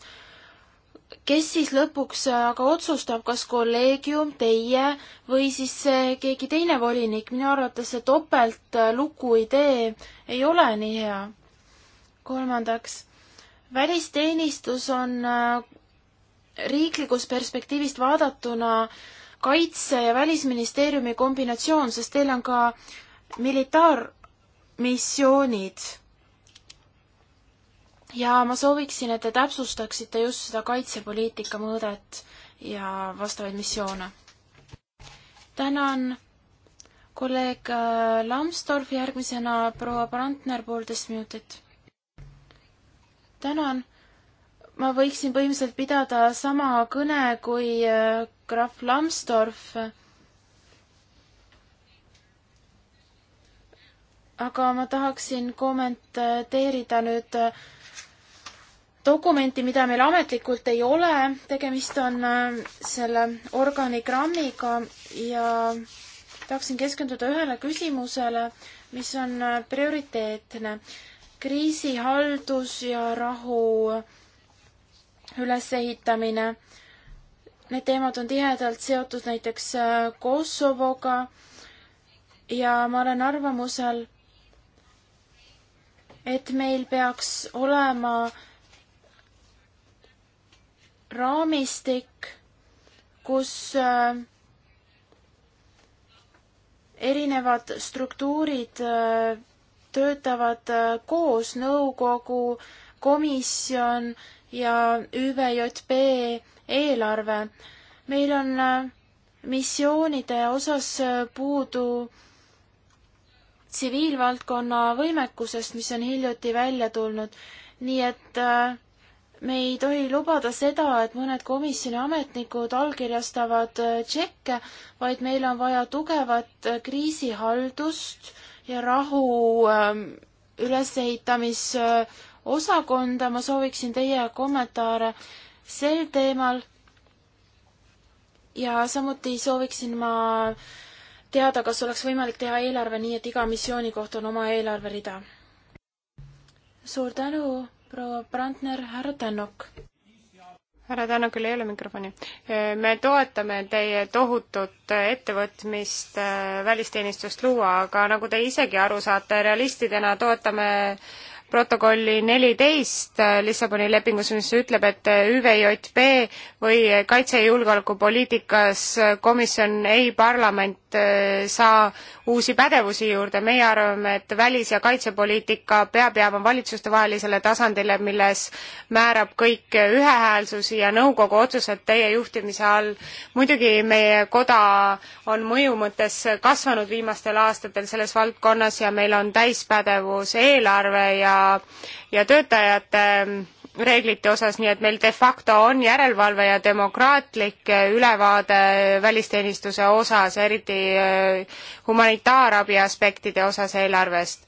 kes siis lõpuks aga otsustab, kas kolleegium, teie või siis keegi teine volinik, minu arvates see topeltluku idee ei ole nii hea. kolmandaks välisteenistus on äh, riiklikust perspektiivist vaadatuna kaitse- ja välisministeeriumi kombinatsioon, sest teil on ka militaarmissioonid. ja ma sooviksin, et te täpsustaksite just seda kaitsepoliitika mõõdet ja vastavaid missioone. tänan kolleeg äh, Lambsdorff, järgmisena proua Brandner, poolteist minutit. tänan ma võiksin põhimõtteliselt pidada sama kõne kui krahv äh, Lambsdorff. aga ma tahaksin kommenteerida nüüd äh, dokumenti, mida meil ametlikult ei ole, tegemist on äh, selle organigrammiga ja tahaksin keskenduda ühele küsimusele, mis on prioriteetne. kriisihaldus ja rahu äh, ülesehitamine. Need teemad on tihedalt seotud näiteks äh, Kosovoga ja ma olen arvamusel, et meil peaks olema raamistik, kus äh, erinevad struktuurid äh, töötavad koos, nõukogu, komisjon ja ÜVJP eelarve. meil on äh, missioonide osas äh, puudu tsiviilvaldkonna võimekusest, mis on hiljuti välja tulnud, nii et äh, me ei tohi lubada seda, et mõned komisjoni ametnikud allkirjastavad tšekke, vaid meil on vaja tugevat kriisihaldust ja rahu ülesehitamis osakonda, ma sooviksin teie kommentaare sel teemal. ja samuti sooviksin ma teada, kas oleks võimalik teha eelarve nii, et iga missiooni kohta on oma eelarverida. suur tänu, proua Brandner, härra Tännok. härra Tännokil ei ole mikrofoni. me toetame teie tohutut ettevõtmist äh, välisteenistust luua, aga nagu te isegi aru saate, realistidena toetame protokolli neliteist Lissaboni lepingus, mis ütleb, et ÜVJP või kaitse- ja julgeolekupoliitikas komisjon ei parlament äh, saa uusi pädevusi juurde. meie arvame, et välis- ja kaitsepoliitika peab jääma valitsustevahelisele tasandile, milles määrab kõik ühehäälsus ja nõukogu otsused teie juhtimise all. muidugi meie koda on mõju mõttes kasvanud viimastel aastatel selles valdkonnas ja meil on täispädevus eelarve ja ja, ja töötajate reeglite osas, nii et meil de facto on järelevalve ja demokraatlik äh, ülevaade välisteenistuse osas, eriti äh, humanitaarabi aspektide osas eelarvest.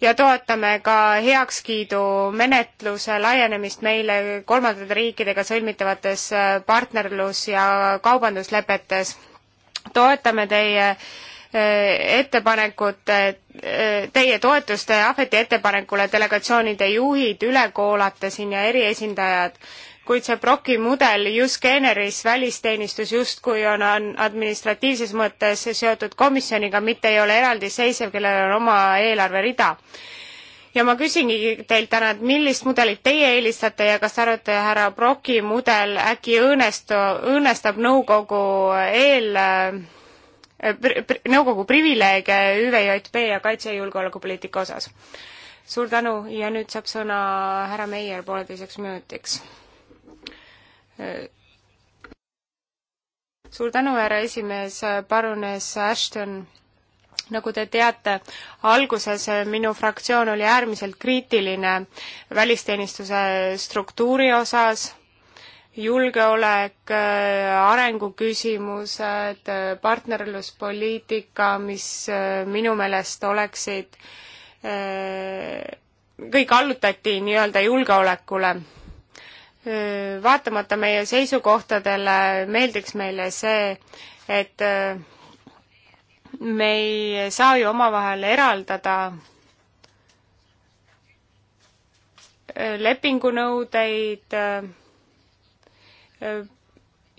ja toetame ka heakskiidumenetluse laienemist meile kolmandate riikidega sõlmitavates äh, partnerlus- ja kaubanduslepetes. toetame teie äh, Eh, ettepanekute, eh, teie toetuste Ahveti ettepanekule delegatsioonide juhid üle kuulata siin ja eriesindajad, kuid see Broki mudel just Generis välisteenistus justkui on, on administratiivses mõttes seotud komisjoniga, mitte ei ole eraldiseisev, kellel on oma eelarverida ja ma küsingi teilt täna, et millist mudelit teie eelistate ja kas te arvate, härra Broki mudel äkki õõnestu, õõnestab nõukogu eel äh, nõukogu privileege ÜVJP ja kaitse- ja julgeolekupoliitika osas. suur tänu ja nüüd saab sõna härra Meier pooleteiseks minutiks. suur tänu, härra esimees, parunes Ashton nagu te teate, alguses minu fraktsioon oli äärmiselt kriitiline välisteenistuse struktuuri osas julgeolek, äh, arenguküsimused, äh, partnerluspoliitika, mis äh, minu meelest oleksid, kõik allutati nii-öelda julgeolekule. vaatamata meie seisukohtadele meeldiks meile see, et me ei saa ju omavahel eraldada lepingunõudeid,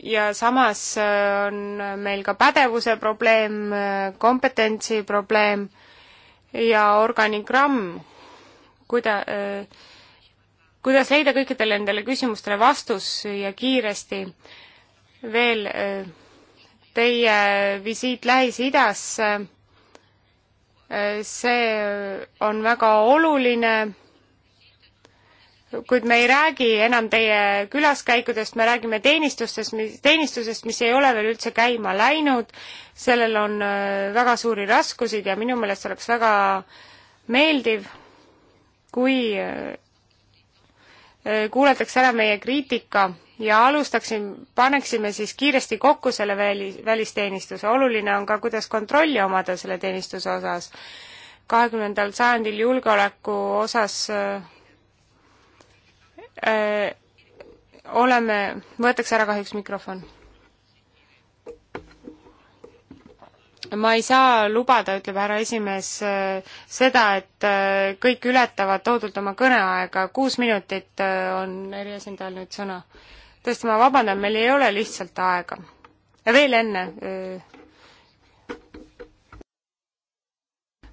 ja samas äh, on meil ka pädevuse probleem, äh, kompetentsi probleem ja organigramm, kuida-, äh, kuidas leida kõikidele nendele küsimustele vastus ja kiiresti veel teie visiit Lähis-Idasse, see on väga oluline kuid me ei räägi enam teie külaskäikudest, me räägime teenistustest, mis, teenistusest, mis ei ole veel üldse käima läinud, sellel on äh, väga suuri raskusid ja minu meelest oleks väga meeldiv, kui äh, äh, kuulatakse ära meie kriitika ja alustaksin, paneksime siis kiiresti kokku selle väli, välisteenistuse, oluline on ka, kuidas kontrolli omada selle teenistuse osas. kahekümnendal sajandil julgeoleku osas äh, Äh, oleme, võetakse ära kahjuks mikrofon. ma ei saa lubada, ütleb härra esimees, äh, seda, et äh, kõik ületavad tohutult oma kõneaega, kuus minutit on eriesindajal nüüd sõna. tõesti, ma vabandan, meil ei ole lihtsalt aega. ja veel enne.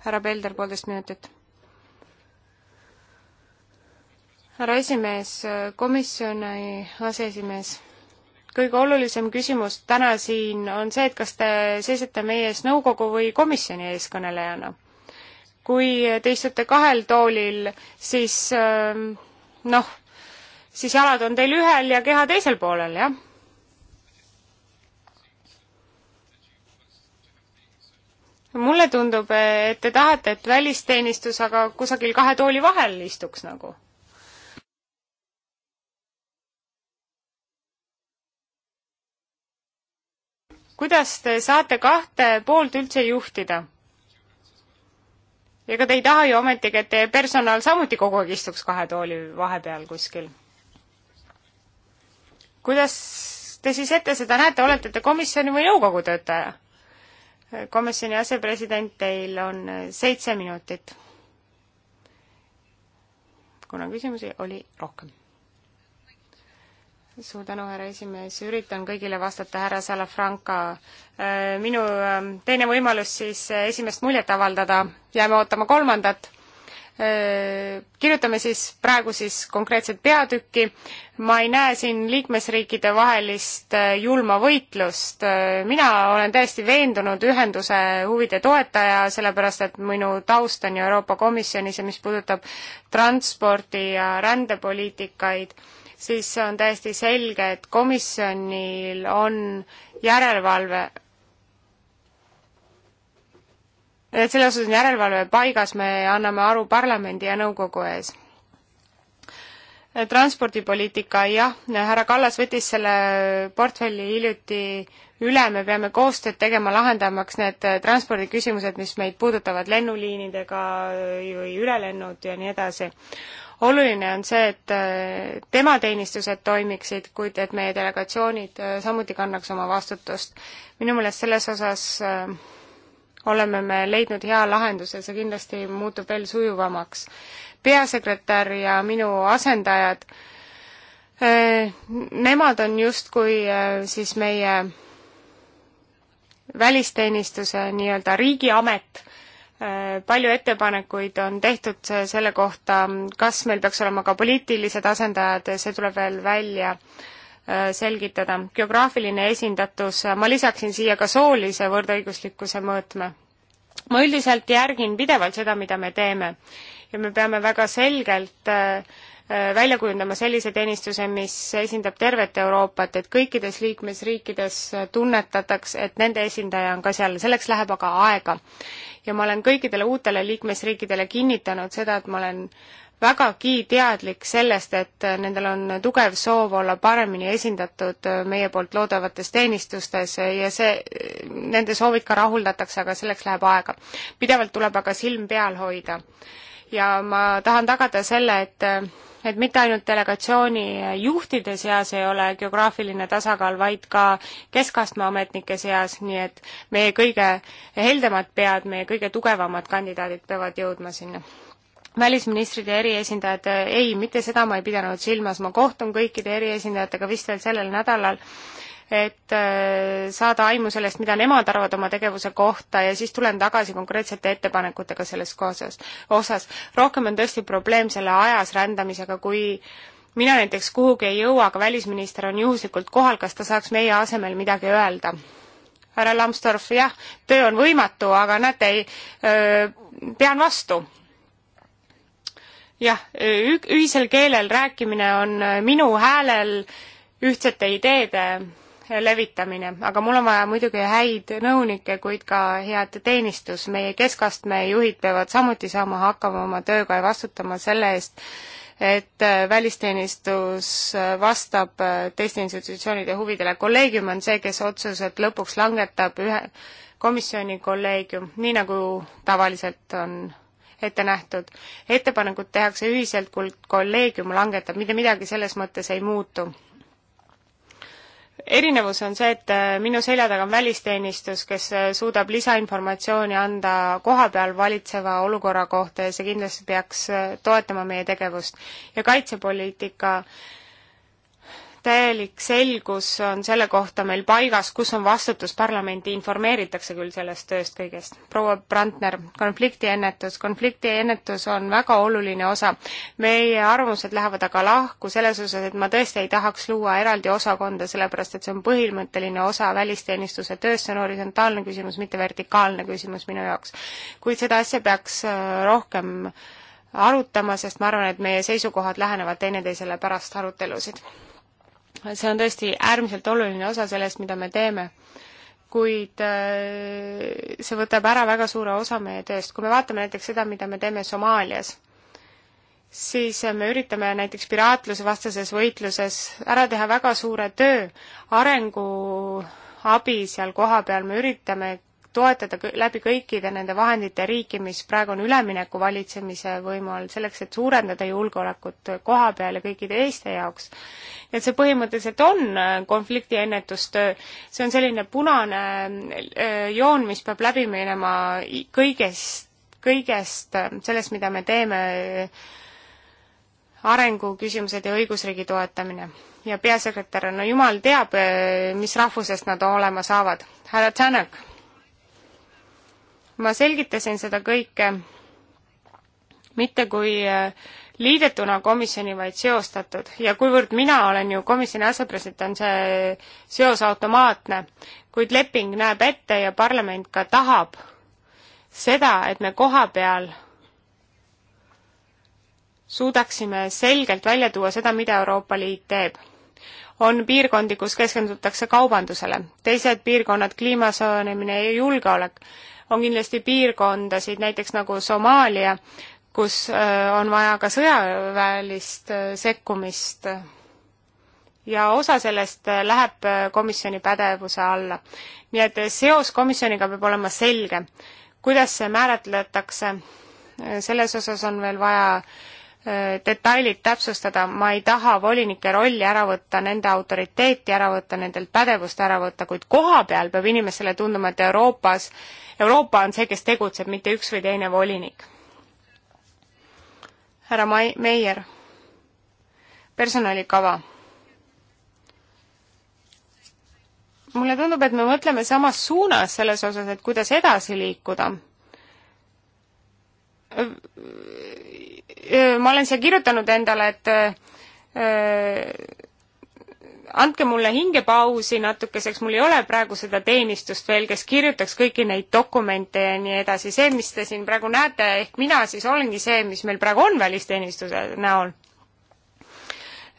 härra Pelder, poolteist minutit härra esimees, komisjoni aseesimees, kõige olulisem küsimus täna siin on see, et kas te seisate meie ees nõukogu või komisjoni eeskõnelejana. kui te istute kahel toolil, siis ähm, noh, siis jalad on teil ühel ja keha teisel poolel, jah mulle tundub, et te tahate, et välisteenistus aga kusagil kahe tooli vahel istuks nagu kuidas te saate kahte poolt üldse juhtida? ega te ei taha ju ometigi, et teie personal samuti kogu aeg istuks kahe tooli vahepeal kuskil. kuidas te siis ette seda näete, olete te komisjoni või nõukogu töötaja? komisjoni asepresident, teil on seitse minutit. kuna küsimusi oli rohkem suur tänu, härra esimees, üritan kõigile vastata, härra Salafranca. Äh, minu ähm, teine võimalus siis äh, esimest muljet avaldada, jääme ootama kolmandat. Äh, kirjutame siis praegu siis konkreetset peatükki. ma ei näe siin liikmesriikide vahelist julma võitlust. mina olen täiesti veendunud ühenduse huvide toetaja, sellepärast et minu taust on ju Euroopa Komisjonis ja mis puudutab transpordi ja rändepoliitikaid siis on täiesti selge, et komisjonil on järelevalve et selle osas on järelevalve paigas, me anname aru parlamendi ja nõukogu ees. transpordipoliitika, jah, härra Kallas võttis selle portfelli hiljuti üle, me peame koostööd tegema, lahendamaks need transpordiküsimused, mis meid puudutavad lennuliinidega või ülelennud ja nii edasi oluline on see, et äh, tema teenistused toimiksid, kuid et meie delegatsioonid äh, samuti kannaks oma vastutust. minu meelest selles osas äh, oleme me leidnud hea lahenduse, see kindlasti muutub veel sujuvamaks. peasekretär ja minu asendajad, nemad on justkui siis meie välisteenistuse nii-öelda riigiamet palju ettepanekuid on tehtud selle kohta, kas meil peaks olema ka poliitilised asendajad, see tuleb veel välja äh, selgitada. geograafiline esindatus, ma lisaksin siia ka soolise võrdõiguslikkuse mõõtme. ma üldiselt järgin pidevalt seda, mida me teeme ja me peame väga selgelt äh, Äh, välja kujundama sellise teenistuse, mis esindab tervet Euroopat, et kõikides liikmesriikides äh, tunnetataks, et nende esindaja on ka seal, selleks läheb aga aega. ja ma olen kõikidele uutele liikmesriikidele kinnitanud seda, et ma olen vägagi teadlik sellest, et äh, nendel on tugev soov olla paremini esindatud meie poolt loodavates teenistustes ja see, nende soovid ka rahuldatakse, aga selleks läheb aega. pidevalt tuleb aga silm peal hoida. ja ma tahan tagada selle, et et mitte ainult delegatsiooni juhtide seas ei ole geograafiline tasakaal, vaid ka keskastme ametnike seas, nii et meie kõige heldemad pead, meie kõige tugevamad kandidaadid peavad jõudma sinna välisministrid ja eriesindajad, ei, mitte seda ma ei pidanud silmas, ma kohtun kõikide eriesindajatega vist veel sellel nädalal äh, et äh, saada aimu sellest, mida nemad arvavad oma tegevuse kohta ja siis tulen tagasi konkreetsete ettepanekutega selles kohas, osas. rohkem on tõesti probleem selle ajas rändamisega, kui mina näiteks kuhugi ei jõua, aga välisminister on juhuslikult kohal, kas ta saaks meie asemel midagi öelda? härra Lambsdorff, jah, töö on võimatu, aga näete, ei, pean vastu. jah, ühisel keelel rääkimine on minu häälel ühtsete ideede levitamine, aga mul on vaja muidugi häid nõunikke, kuid ka head teenistus, meie keskastme juhid peavad samuti saama hakkama oma tööga ja vastutama selle eest, et äh, välisteenistus äh, vastab äh, teiste institutsioonide huvidele. kolleegium on see, kes otsused lõpuks langetab, ühe komisjoni kolleegium, nii nagu tavaliselt on ette nähtud. ettepanekud tehakse ühiselt, kui kolleegium langetab, mitte midagi selles mõttes ei muutu erinevus on see, et äh, minu selja taga on välisteenistus, kes äh, suudab lisainformatsiooni anda kohapeal valitseva olukorra kohta ja see kindlasti peaks äh, toetama meie tegevust. ja kaitsepoliitika äh, täielik selgus on selle kohta meil paigas, kus on vastutus, parlamenti informeeritakse küll sellest tööst kõigest. proua Brandner, konfliktiennetus, konfliktiennetus on väga oluline osa. meie arvamused lähevad aga lahku selles osas, et ma tõesti ei tahaks luua eraldi osakonda, sellepärast et see on põhimõtteline osa välisteenistuse tööst, see on horisontaalne küsimus, mitte vertikaalne küsimus minu jaoks. kuid seda asja peaks äh, rohkem arutama, sest ma arvan, et meie seisukohad lähenevad teineteisele pärast arutelusid see on tõesti äärmiselt oluline osa sellest, mida me teeme. kuid äh, see võtab ära väga suure osa meie tööst. kui me vaatame näiteks seda, mida me teeme Somaalias, siis me üritame näiteks piraatlusevastases võitluses ära teha väga suure töö arenguabi seal kohapeal, me üritame toetada läbi kõikide nende vahendite riiki, mis praegu on ülemineku valitsemise võimu all, selleks et suurendada julgeolekut koha peal ja kõikide teiste jaoks. nii et see põhimõtteliselt on äh, konflikti ennetustöö, see on selline punane äh, joon, mis peab läbi minema kõigest, kõigest äh, sellest, mida me teeme, arenguküsimused ja õigusriigi toetamine ja peasekretär, no jumal teab, mis rahvusest nad olema saavad. härra Tänak ma selgitasin seda kõike mitte kui äh, liidetuna komisjoni, vaid seostatud ja kuivõrd mina olen ju komisjoni asepresident, on see seos automaatne, kuid leping näeb ette ja parlament ka tahab seda, et me koha peal suudaksime selgelt välja tuua seda, mida Euroopa Liit teeb. on piirkondi, kus keskendutakse kaubandusele, teised piirkonnad kliima soojenemine ja julgeolek on kindlasti piirkondasid, näiteks nagu Somaalia, kus äh, on vaja ka sõjaväelist äh, sekkumist. ja osa sellest äh, läheb komisjoni pädevuse alla. nii et seos komisjoniga peab olema selge. kuidas see määratletakse, selles osas on veel vaja Äh, detailid täpsustada, ma ei taha volinike rolli ära võtta, nende autoriteeti ära võtta, nendelt pädevust ära võtta, kuid koha peal peab inimesele tunduma, et Euroopas, Euroopa on see, kes tegutseb, mitte üks või teine volinik. härra Mai-, Meier, personalikava. mulle tundub, et me mõtleme samas suunas selles osas, et kuidas edasi liikuda äh, Äh, ma olen siia kirjutanud endale, et äh, andke mulle hingepausi natukeseks, mul ei ole praegu seda teenistust veel, kes kirjutaks kõiki neid dokumente ja nii edasi. see, mis te siin praegu näete, ehk mina siis olengi see, mis meil praegu on välisteenistuse näol.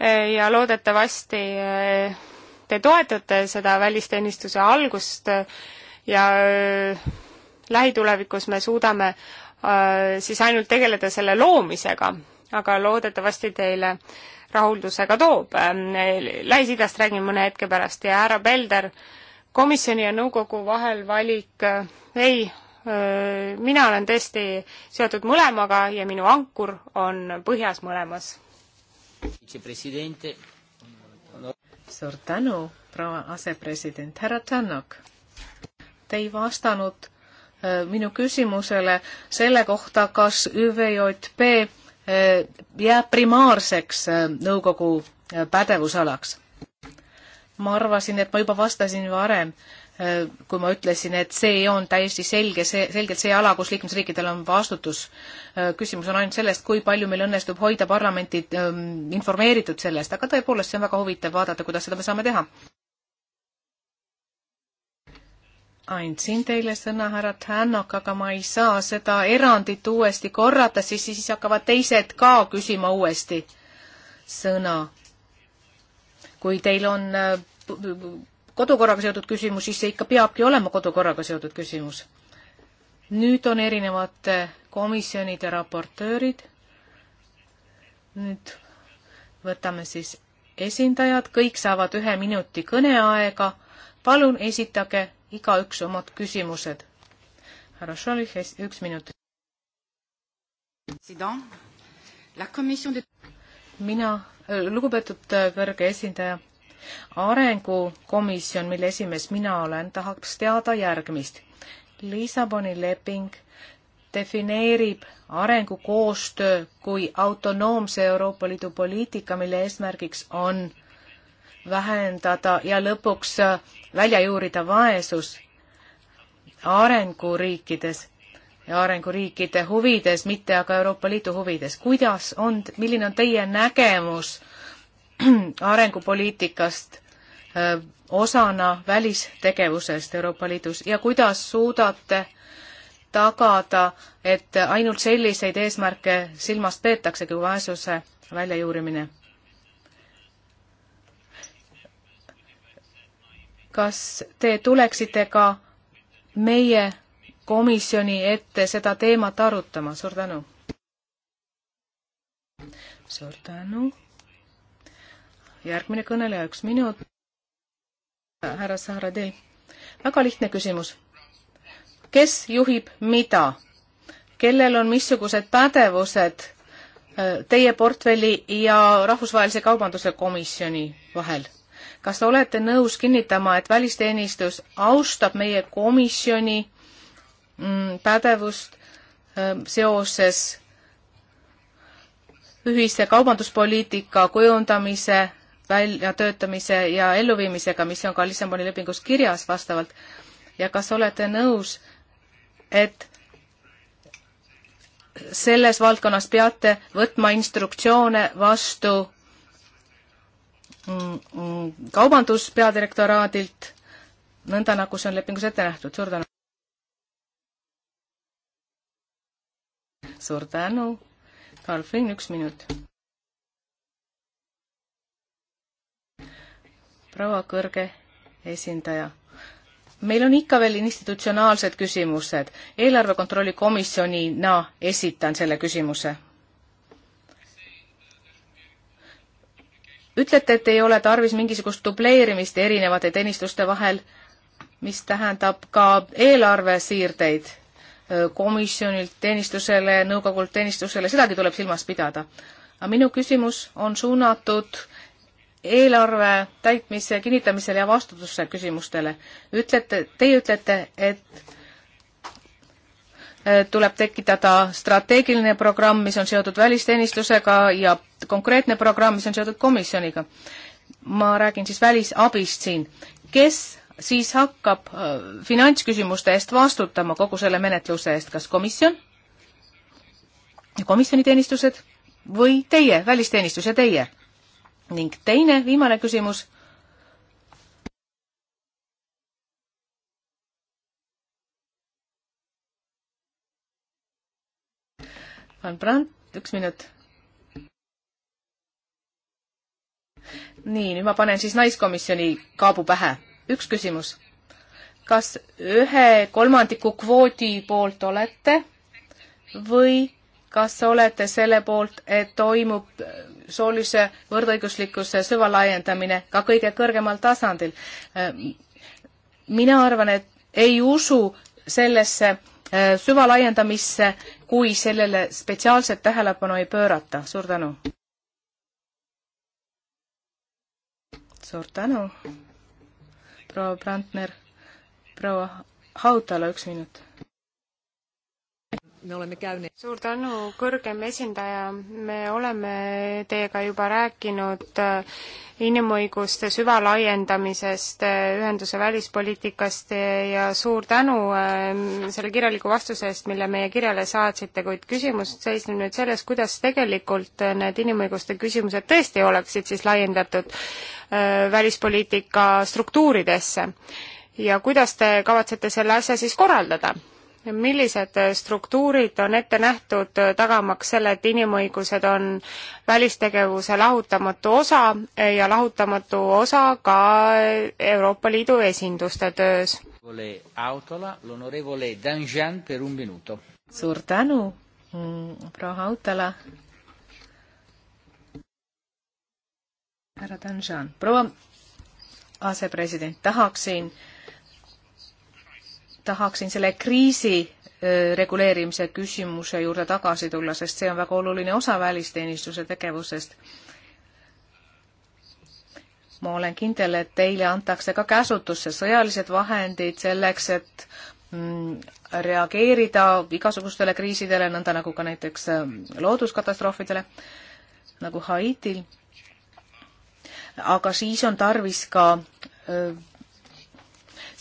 Äh, ja loodetavasti te toetate seda välisteenistuse algust ja lähitulevikus me suudame Äh, siis ainult tegeleda selle loomisega, aga loodetavasti teile rahuldusega toob. Ähm, Lähis-Idast räägin mõne hetke pärast ja härra Pelder, komisjoni ja nõukogu vahel valik äh, ei, äh, mina olen tõesti seotud mõlemaga ja minu ankur on põhjas mõlemas. suur tänu, proua asepresident, härra Tänak. Te ei vastanud Äh, minu küsimusele selle kohta, kas ÜVJP äh, jääb primaarseks äh, nõukogu pädevusalaks. ma arvasin, et ma juba vastasin varem, kui ma ütlesin, et see on täiesti selge, see, selgelt see ala, kus liikmesriikidel on vastutus. küsimus on ainult sellest, kui palju meil õnnestub hoida parlamenti ähm, informeeritud sellest, aga tõepoolest, see on väga huvitav vaadata, kuidas seda me saame teha andsin teile sõna, härra Tänak, aga ma ei saa seda erandit uuesti korrata, siis, siis hakkavad teised ka küsima uuesti sõna. kui teil on äh, kodukorraga seotud küsimus, siis see ikka peabki olema kodukorraga seotud küsimus. nüüd on erinevate äh, komisjonide raportöörid. nüüd võtame siis esindajad, kõik saavad ühe minuti kõneaega palun esitage igaüks omad küsimused. härra Šolih, üks minut. mina, äh, lugupeetud äh, kõrge esindaja, arengukomisjon, mille esimees mina olen, tahaks teada järgmist. Lissaboni leping defineerib arengukoostöö kui autonoomse Euroopa Liidu poliitika, mille eesmärgiks on vähendada ja lõpuks äh, välja juurida vaesus arenguriikides ja arenguriikide huvides, mitte aga Euroopa Liidu huvides. kuidas on, milline on teie nägemus arengupoliitikast öö, äh, osana välistegevusest Euroopa Liidus ja kuidas suudate tagada, et ainult selliseid eesmärke silmas peetaksegi, kui vaesuse väljajuurimine kas te tuleksite ka meie komisjoni ette seda teemat arutama, suur tänu! suur tänu! järgmine kõneleja, üks minut. härra Sahradil, väga lihtne küsimus. kes juhib mida? kellel on missugused pädevused äh, teie portfelli ja Rahvusvahelise Kaubanduse Komisjoni vahel? kas te olete nõus kinnitama, et välisteenistus austab meie komisjoni mm, pädevust ähm, seoses ühise kaubanduspoliitika kujundamise, väljatöötamise ja elluviimisega, mis on ka Lissaboni lepingus kirjas vastavalt, ja kas olete nõus, et selles valdkonnas peate võtma instruktsioone vastu kaubanduspeadirektoraadilt, nõnda nagu see on lepingus ette nähtud, suur tänu. suur tänu, Karl Finn, üks minut. proua kõrge esindaja meil on ikka veel institutsionaalsed küsimused. eelarve kontrolli komisjonina esitan selle küsimuse ütlete, et ei ole tarvis mingisugust dubleerimist erinevate teenistuste vahel, mis tähendab ka eelarvesiirdeid komisjonilt teenistusele, nõukogult teenistusele, sedagi tuleb silmas pidada. aga minu küsimus on suunatud eelarve täitmise kinnitamisele ja vastutuse küsimustele. ütlete, teie ütlete, et Äh, tuleb tekitada strateegiline programm, mis on seotud välisteenistusega ja konkreetne programm, mis on seotud komisjoniga. ma räägin siis välisabist siin. kes siis hakkab äh, finantsküsimuste eest vastutama kogu selle menetluse eest, kas komisjon, komisjoni teenistused või teie, välisteenistus ja teie? ning teine, viimane küsimus Van Brandt, üks minut. nii, nüüd ma panen siis naiskomisjoni kaabu pähe. üks küsimus. kas ühe kolmandiku kvoodi poolt olete või kas olete selle poolt, et toimub soolise võrdõiguslikkuse süvalaiendamine ka kõige kõrgemal tasandil? mina arvan, et ei usu sellesse süvalaiendamisse, kui sellele spetsiaalset tähelepanu ei pöörata. suur tänu! suur tänu, proua Brandner, proua Hautala, üks minut me oleme käynud. suur tänu, kõrgem esindaja, me oleme teiega juba rääkinud äh, inimõiguste süvalaiendamisest, äh, ühenduse välispoliitikast ja suur tänu äh, selle kirjaliku vastuse eest, mille meie kirjale saatsite, kuid küsimus seisneb nüüd selles, kuidas tegelikult need inimõiguste küsimused tõesti oleksid siis laiendatud välispoliitika struktuuridesse ja kuidas te kavatsete selle asja siis korraldada millised struktuurid on ette nähtud tagamaks selle, et inimõigused on välistegevuse lahutamatu osa ja lahutamatu osa ka Euroopa Liidu esinduste töös? suur tänu, mm, proua Hautala. härra Danjan, proua asepresident, tahaksin äh, tahaksin selle kriisi reguleerimise küsimuse juurde tagasi tulla, sest see on väga oluline osa välisteenistuse tegevusest. ma olen kindel, et teile antakse ka käsutusse sõjalised vahendid selleks, et mm, reageerida igasugustele kriisidele, nõnda nagu ka näiteks looduskatastroofidele, nagu Haitil. aga siis on tarvis ka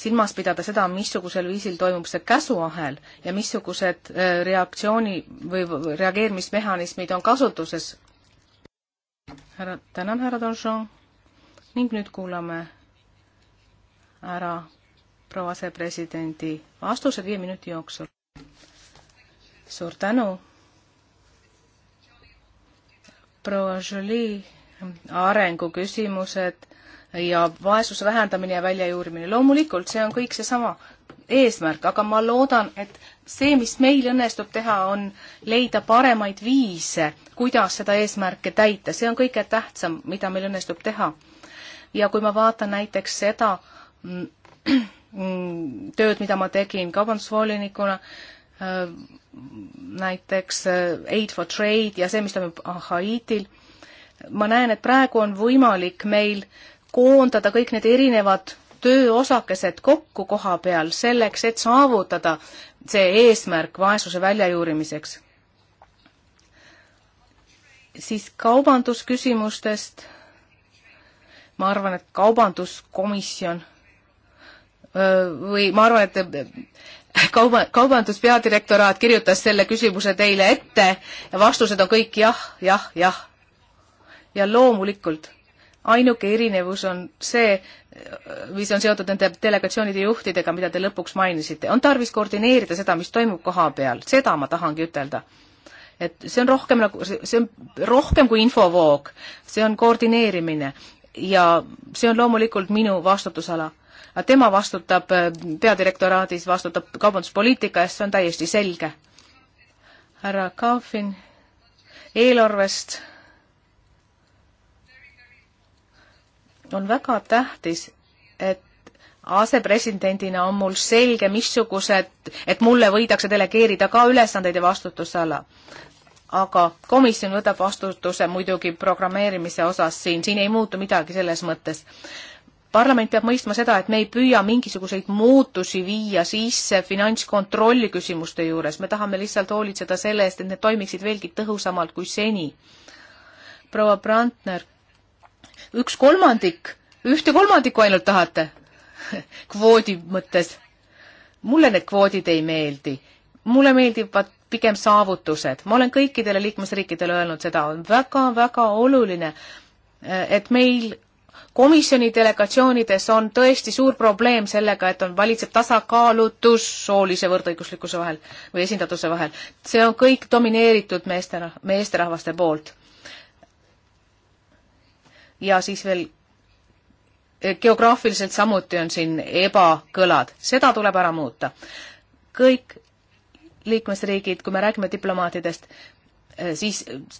silmas pidada seda, missugusel viisil toimub see käsuahel ja missugused äh, reaktsiooni või reageerimismehhanismid on kasutuses. härra, tänan, härra Donjon ning nüüd kuulame ära proua asepresidendi vastused viie minuti jooksul. suur tänu. proua Jolie, arenguküsimused ja vaesuse vähendamine ja väljajuurimine. loomulikult, see on kõik seesama eesmärk, aga ma loodan, et see, mis meil õnnestub teha, on leida paremaid viise, kuidas seda eesmärke täita, see on kõige tähtsam, mida meil õnnestub teha. ja kui ma vaatan näiteks seda mm, tööd, mida ma tegin kaubandusvolinikuna, äh, näiteks äh, Aid for Trade ja see, mis toimub Haitil, ma näen, et praegu on võimalik meil äh, koondada kõik need erinevad tööosakesed kokku koha peal selleks, et saavutada see eesmärk vaesuse väljajuurimiseks. siis kaubandusküsimustest. ma arvan, et kaubanduskomisjon või ma arvan, et äh, kauba, kaubanduspeadirektoraat kirjutas selle küsimuse teile ette ja vastused on kõik jah, jah, jah. ja loomulikult ainuke erinevus on see, mis on seotud nende delegatsioonide juhtidega, mida te lõpuks mainisite. on tarvis koordineerida seda, mis toimub koha peal, seda ma tahangi ütelda. et see on rohkem nagu, see on rohkem kui infovoog, see on koordineerimine ja see on loomulikult minu vastutusala aga tema vastutab peadirektoraadis, vastutab kaubanduspoliitika eest, see on täiesti selge. härra Kaufin, eelarvest on väga tähtis, et asepresidendina on mul selge, missugused, et mulle võidakse delegeerida ka ülesandeid ja vastutusala. aga komisjon võtab vastutuse muidugi programmeerimise osas siin, siin ei muutu midagi selles mõttes. parlament peab mõistma seda, et me ei püüa mingisuguseid muutusi viia sisse finantskontrolli küsimuste juures, me tahame lihtsalt hoolitseda selle eest, et need toimiksid veelgi tõhusamalt kui seni. proua Brandner üks kolmandik, ühte kolmandikku ainult tahate kvoodi mõttes. mulle need kvoodid ei meeldi, mulle meeldivad pigem saavutused, ma olen kõikidele liikmesriikidele öelnud seda, on väga-väga oluline, eh, et meil komisjoni delegatsioonides on tõesti suur probleem sellega, et on, valitseb tasakaalutus soolise võrdõiguslikkuse vahel või esindatuse vahel. see on kõik domineeritud meesterah-, meesterahvaste poolt ja siis veel eh, geograafiliselt samuti on siin ebakõlad, seda tuleb ära muuta. kõik liikmesriigid, kui me räägime diplomaatidest, eh, siis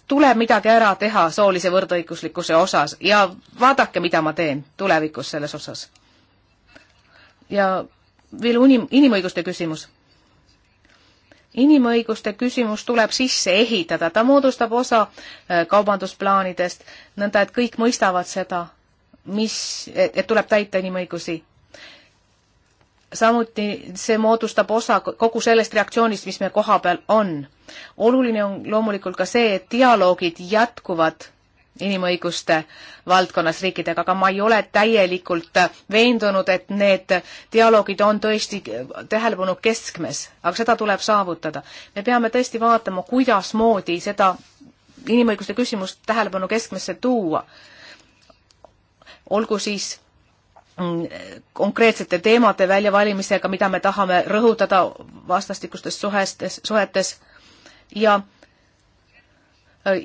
tuleb midagi ära teha soolise võrdõiguslikkuse osas ja vaadake, mida ma teen tulevikus selles osas. ja veel inim-, inimõiguste küsimus inimõiguste küsimus tuleb sisse ehitada, ta moodustab osa äh, kaubandusplaanidest, nõnda et kõik mõistavad seda, mis, et tuleb täita inimõigusi. samuti see moodustab osa kogu sellest reaktsioonist, mis meil kohapeal on. oluline on loomulikult ka see, et dialoogid jätkuvad inimõiguste valdkonnas riikidega, aga ma ei ole täielikult veendunud, et need dialoogid on tõesti tähelepanu keskmes, aga seda tuleb saavutada. me peame tõesti vaatama, kuidasmoodi seda inimõiguste küsimust tähelepanu keskmesse tuua. olgu siis konkreetsete teemade väljavalimisega, mida me tahame rõhutada vastastikustes suhestes, suhetes ja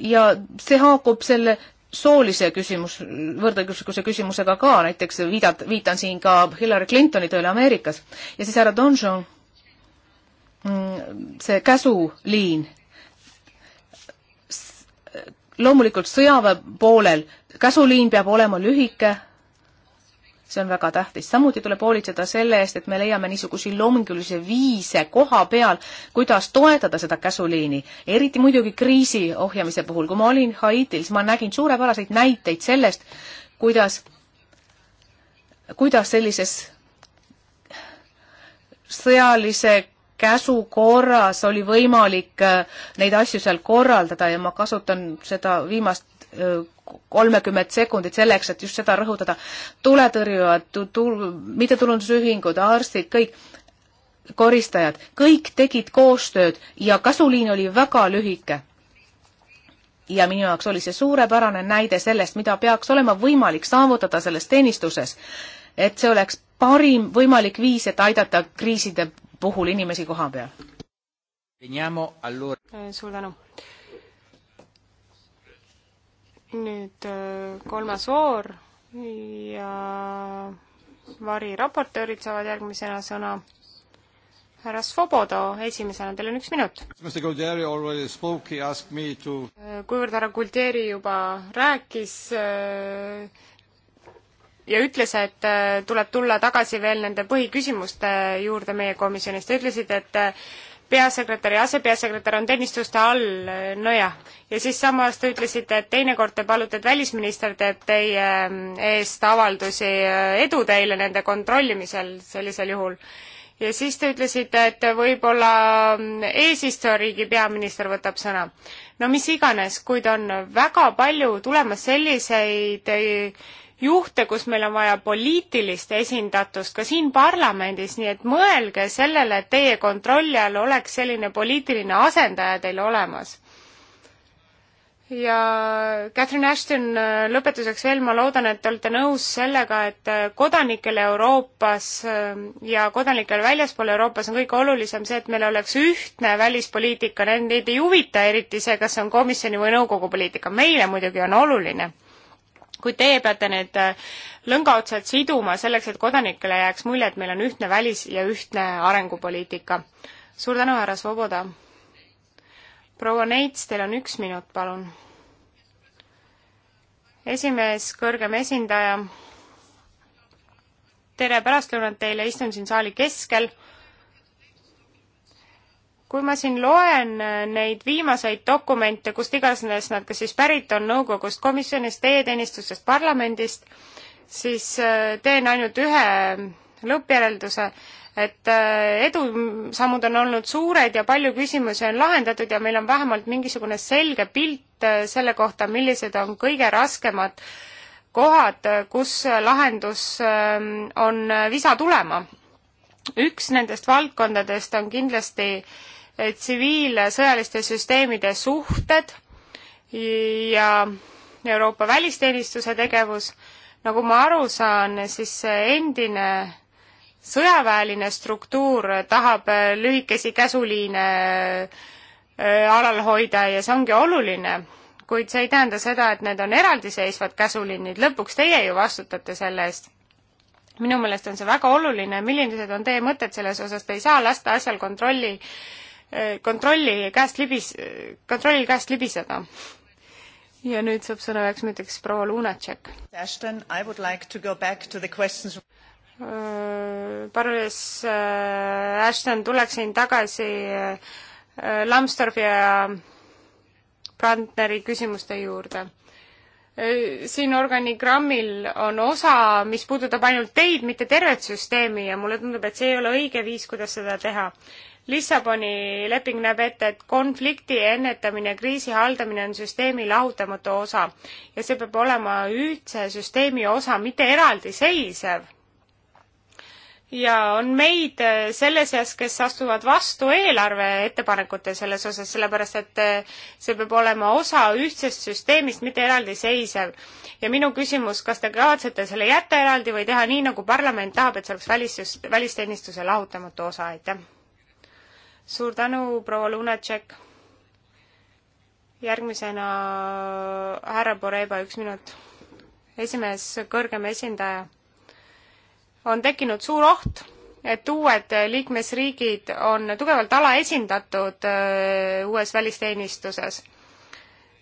ja see haakub selle soolise küsimus, võrdõiguslikkuse küsimusega ka, näiteks viidat-, viitan siin ka Hillary Clintoni tööle Ameerikas. ja siis härra Donjon, mm, see käsuliin, loomulikult sõjaväe poolel käsuliin peab olema lühike, see on väga tähtis. samuti tuleb hoolitseda selle eest, et me leiame niisuguseid loomingulisi viise koha peal, kuidas toetada seda käsuliini, eriti muidugi kriisi ohjamise puhul. kui ma olin Haitil, siis ma nägin suurepäraseid näiteid sellest, kuidas, kuidas sellises sõjalise käsu korras oli võimalik äh, neid asju seal korraldada ja ma kasutan seda viimast kolmekümmet sekundit selleks, et just seda rõhutada. tuletõrjujad, tul-, mittetulundusühingud, arstid, kõik, koristajad, kõik tegid koostööd ja kasuliin oli väga lühike. ja minu jaoks oli see suurepärane näide sellest, mida peaks olema võimalik saavutada selles teenistuses. et see oleks parim võimalik viis, et aidata kriiside puhul inimesi koha peal. suur tänu nüüd äh, kolmas voor ja variraportöörid saavad järgmisena sõna. härra Svobodo esimesena, teil on üks minut. To... Äh, kuivõrd härra Gulderi juba rääkis äh, ja ütles, et tuleb tulla tagasi veel nende põhiküsimuste juurde meie komisjonis, te ütlesite, et peasekretär ja asepeasekretär on teenistuste all, nojah. ja siis samas te ütlesite, et teinekord te palute, et välisminister teeb teie mm, eest avaldusi, äh, edu teile nende kontrollimisel sellisel juhul. ja siis te ütlesite, et võib-olla mm, eesistujariigi peaminister võtab sõna. no mis iganes, kuid on väga palju tulemas selliseid juhte, kus meil on vaja poliitilist esindatust ka siin parlamendis, nii et mõelge sellele, et teie kontrolli all oleks selline poliitiline asendaja teil olemas. ja Catherine Ashton, lõpetuseks veel, ma loodan, et te olete nõus sellega, et kodanikel Euroopas ähm, ja kodanikel väljaspool Euroopas on kõige olulisem see, et meil oleks ühtne välispoliitika, neid ei huvita eriti see, kas see on komisjoni või nõukogu poliitika, meile muidugi on oluline kui teie peate need äh, lõngaotsad siduma selleks, et kodanikele jääks mulje, et meil on ühtne välis- ja ühtne arengupoliitika. suur tänu, härra Svoboda. proua Neits, teil on üks minut, palun. esimees, kõrgem esindaja, tere pärastlõunat teile, istun siin saali keskel kui ma siin loen äh, neid viimaseid dokumente, kust iganes nad kas siis pärit on, nõukogust, komisjonist, teie teenistusest, parlamendist, siis äh, teen ainult ühe lõppjärelduse, et äh, edusammud on olnud suured ja palju küsimusi on lahendatud ja meil on vähemalt mingisugune selge pilt selle kohta, millised on kõige raskemad kohad, kus lahendus ähm, on visa tulema. üks nendest valdkondadest on kindlasti äh, tsiviilsõjaliste süsteemide suhted ja Euroopa välisteenistuse tegevus. nagu ma aru saan, siis endine sõjaväeline struktuur tahab lühikesi käsuliine äh, alal hoida ja see ongi oluline, kuid see ei tähenda seda, et need on eraldiseisvad käsuliinid, lõpuks teie ju vastutate selle eest. minu meelest on see väga oluline, millised on teie mõtted selles osas, te ei saa lasta asjal kontrolli äh, kontrolli käest libis, kontrollil käest libiseda. ja nüüd saab sõna üheks minutiks proua Lunatšek. Ashton, I would like to go back to the questions äh, Paris äh, Ashton, tuleksin tagasi äh, Lambsdorfi ja Brandneri küsimuste juurde. siin organigrammil on osa, mis puudutab ainult teid, mitte tervet süsteemi ja mulle tundub, et see ei ole õige viis, kuidas seda teha. Lissaboni leping näeb ette, et konflikti ennetamine, kriisi haldamine on süsteemi lahutamatu osa ja see peab olema ühtse süsteemi osa, mitte eraldiseisev. ja on meid selle seas, kes astuvad vastu eelarve ettepanekute selles osas, sellepärast et see peab olema osa ühtsest süsteemist, mitte eraldiseisev. ja minu küsimus, kas te kavatsete selle jätta eraldi või teha nii, nagu parlament tahab, et see oleks välis, välisteenistuse lahutamatu osa, aitäh? suur tänu, proua Lunatšek. järgmisena härra Boreba, üks minut. esimees, kõrgem esindaja. on tekkinud suur oht, et uued liikmesriigid on tugevalt alaesindatud äh, uues välisteenistuses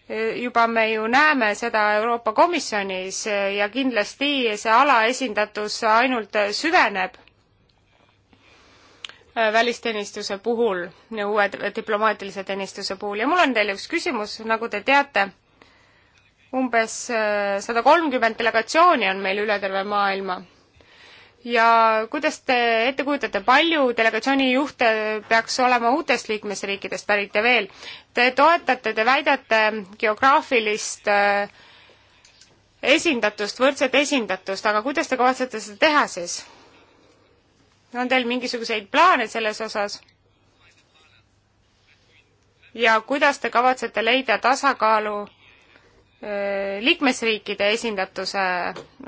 äh, juba me ju näeme seda Euroopa Komisjonis äh, ja kindlasti see alaesindatus ainult süveneb Äh, välisteenistuse puhul, uue diplomaatilise teenistuse puhul ja mul on teile üks küsimus, nagu te teate, umbes äh, sada kolmkümmend delegatsiooni on meil üle terve maailma. ja kuidas te ette kujutate, palju delegatsiooni juhte peaks olema uutest liikmesriikidest pärit ja veel, te toetate, te väidate geograafilist äh, esindatust, võrdset esindatust, aga kuidas te kavatsete seda teha siis? on teil mingisuguseid plaane selles osas? ja kuidas te kavatsete leida tasakaalu äh, liikmesriikide esindatuse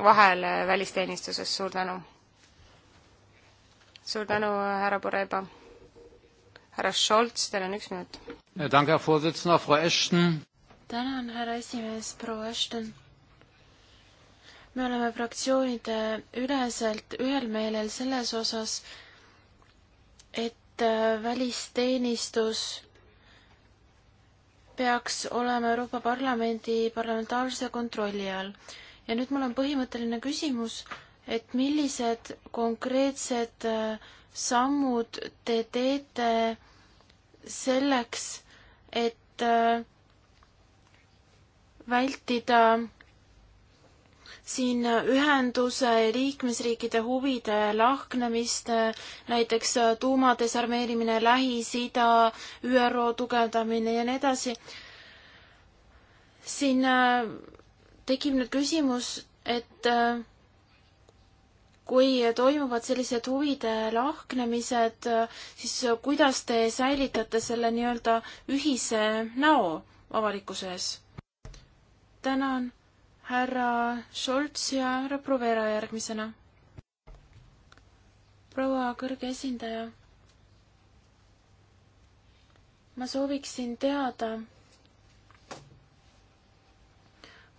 vahel välisteenistuses, suur tänu. suur tänu, härra Poreba. härra Scholz, teil on üks minut. Äh, tänan, härra esimees, proua Ashton me oleme fraktsioonide üleselt ühel meelel selles osas, et äh, välisteenistus peaks olema Euroopa Parlamendi parlamentaarse kontrolli all. ja nüüd mul on põhimõtteline küsimus, et millised konkreetsed äh, sammud te teete selleks, et äh, vältida siin ühenduse liikmesriikide huvide lahknemist, näiteks tuuma desarmeerimine, Lähis-Ida, ÜRO tugevdamine ja nii edasi. siin äh, tekib nüüd küsimus, et äh, kui toimuvad sellised huvide lahknemised, äh, siis kuidas te säilitate selle nii-öelda ühise näo avalikkuse ees? tänan härra Scholz ja härra Provera järgmisena. proua kõrge esindaja, ma sooviksin teada,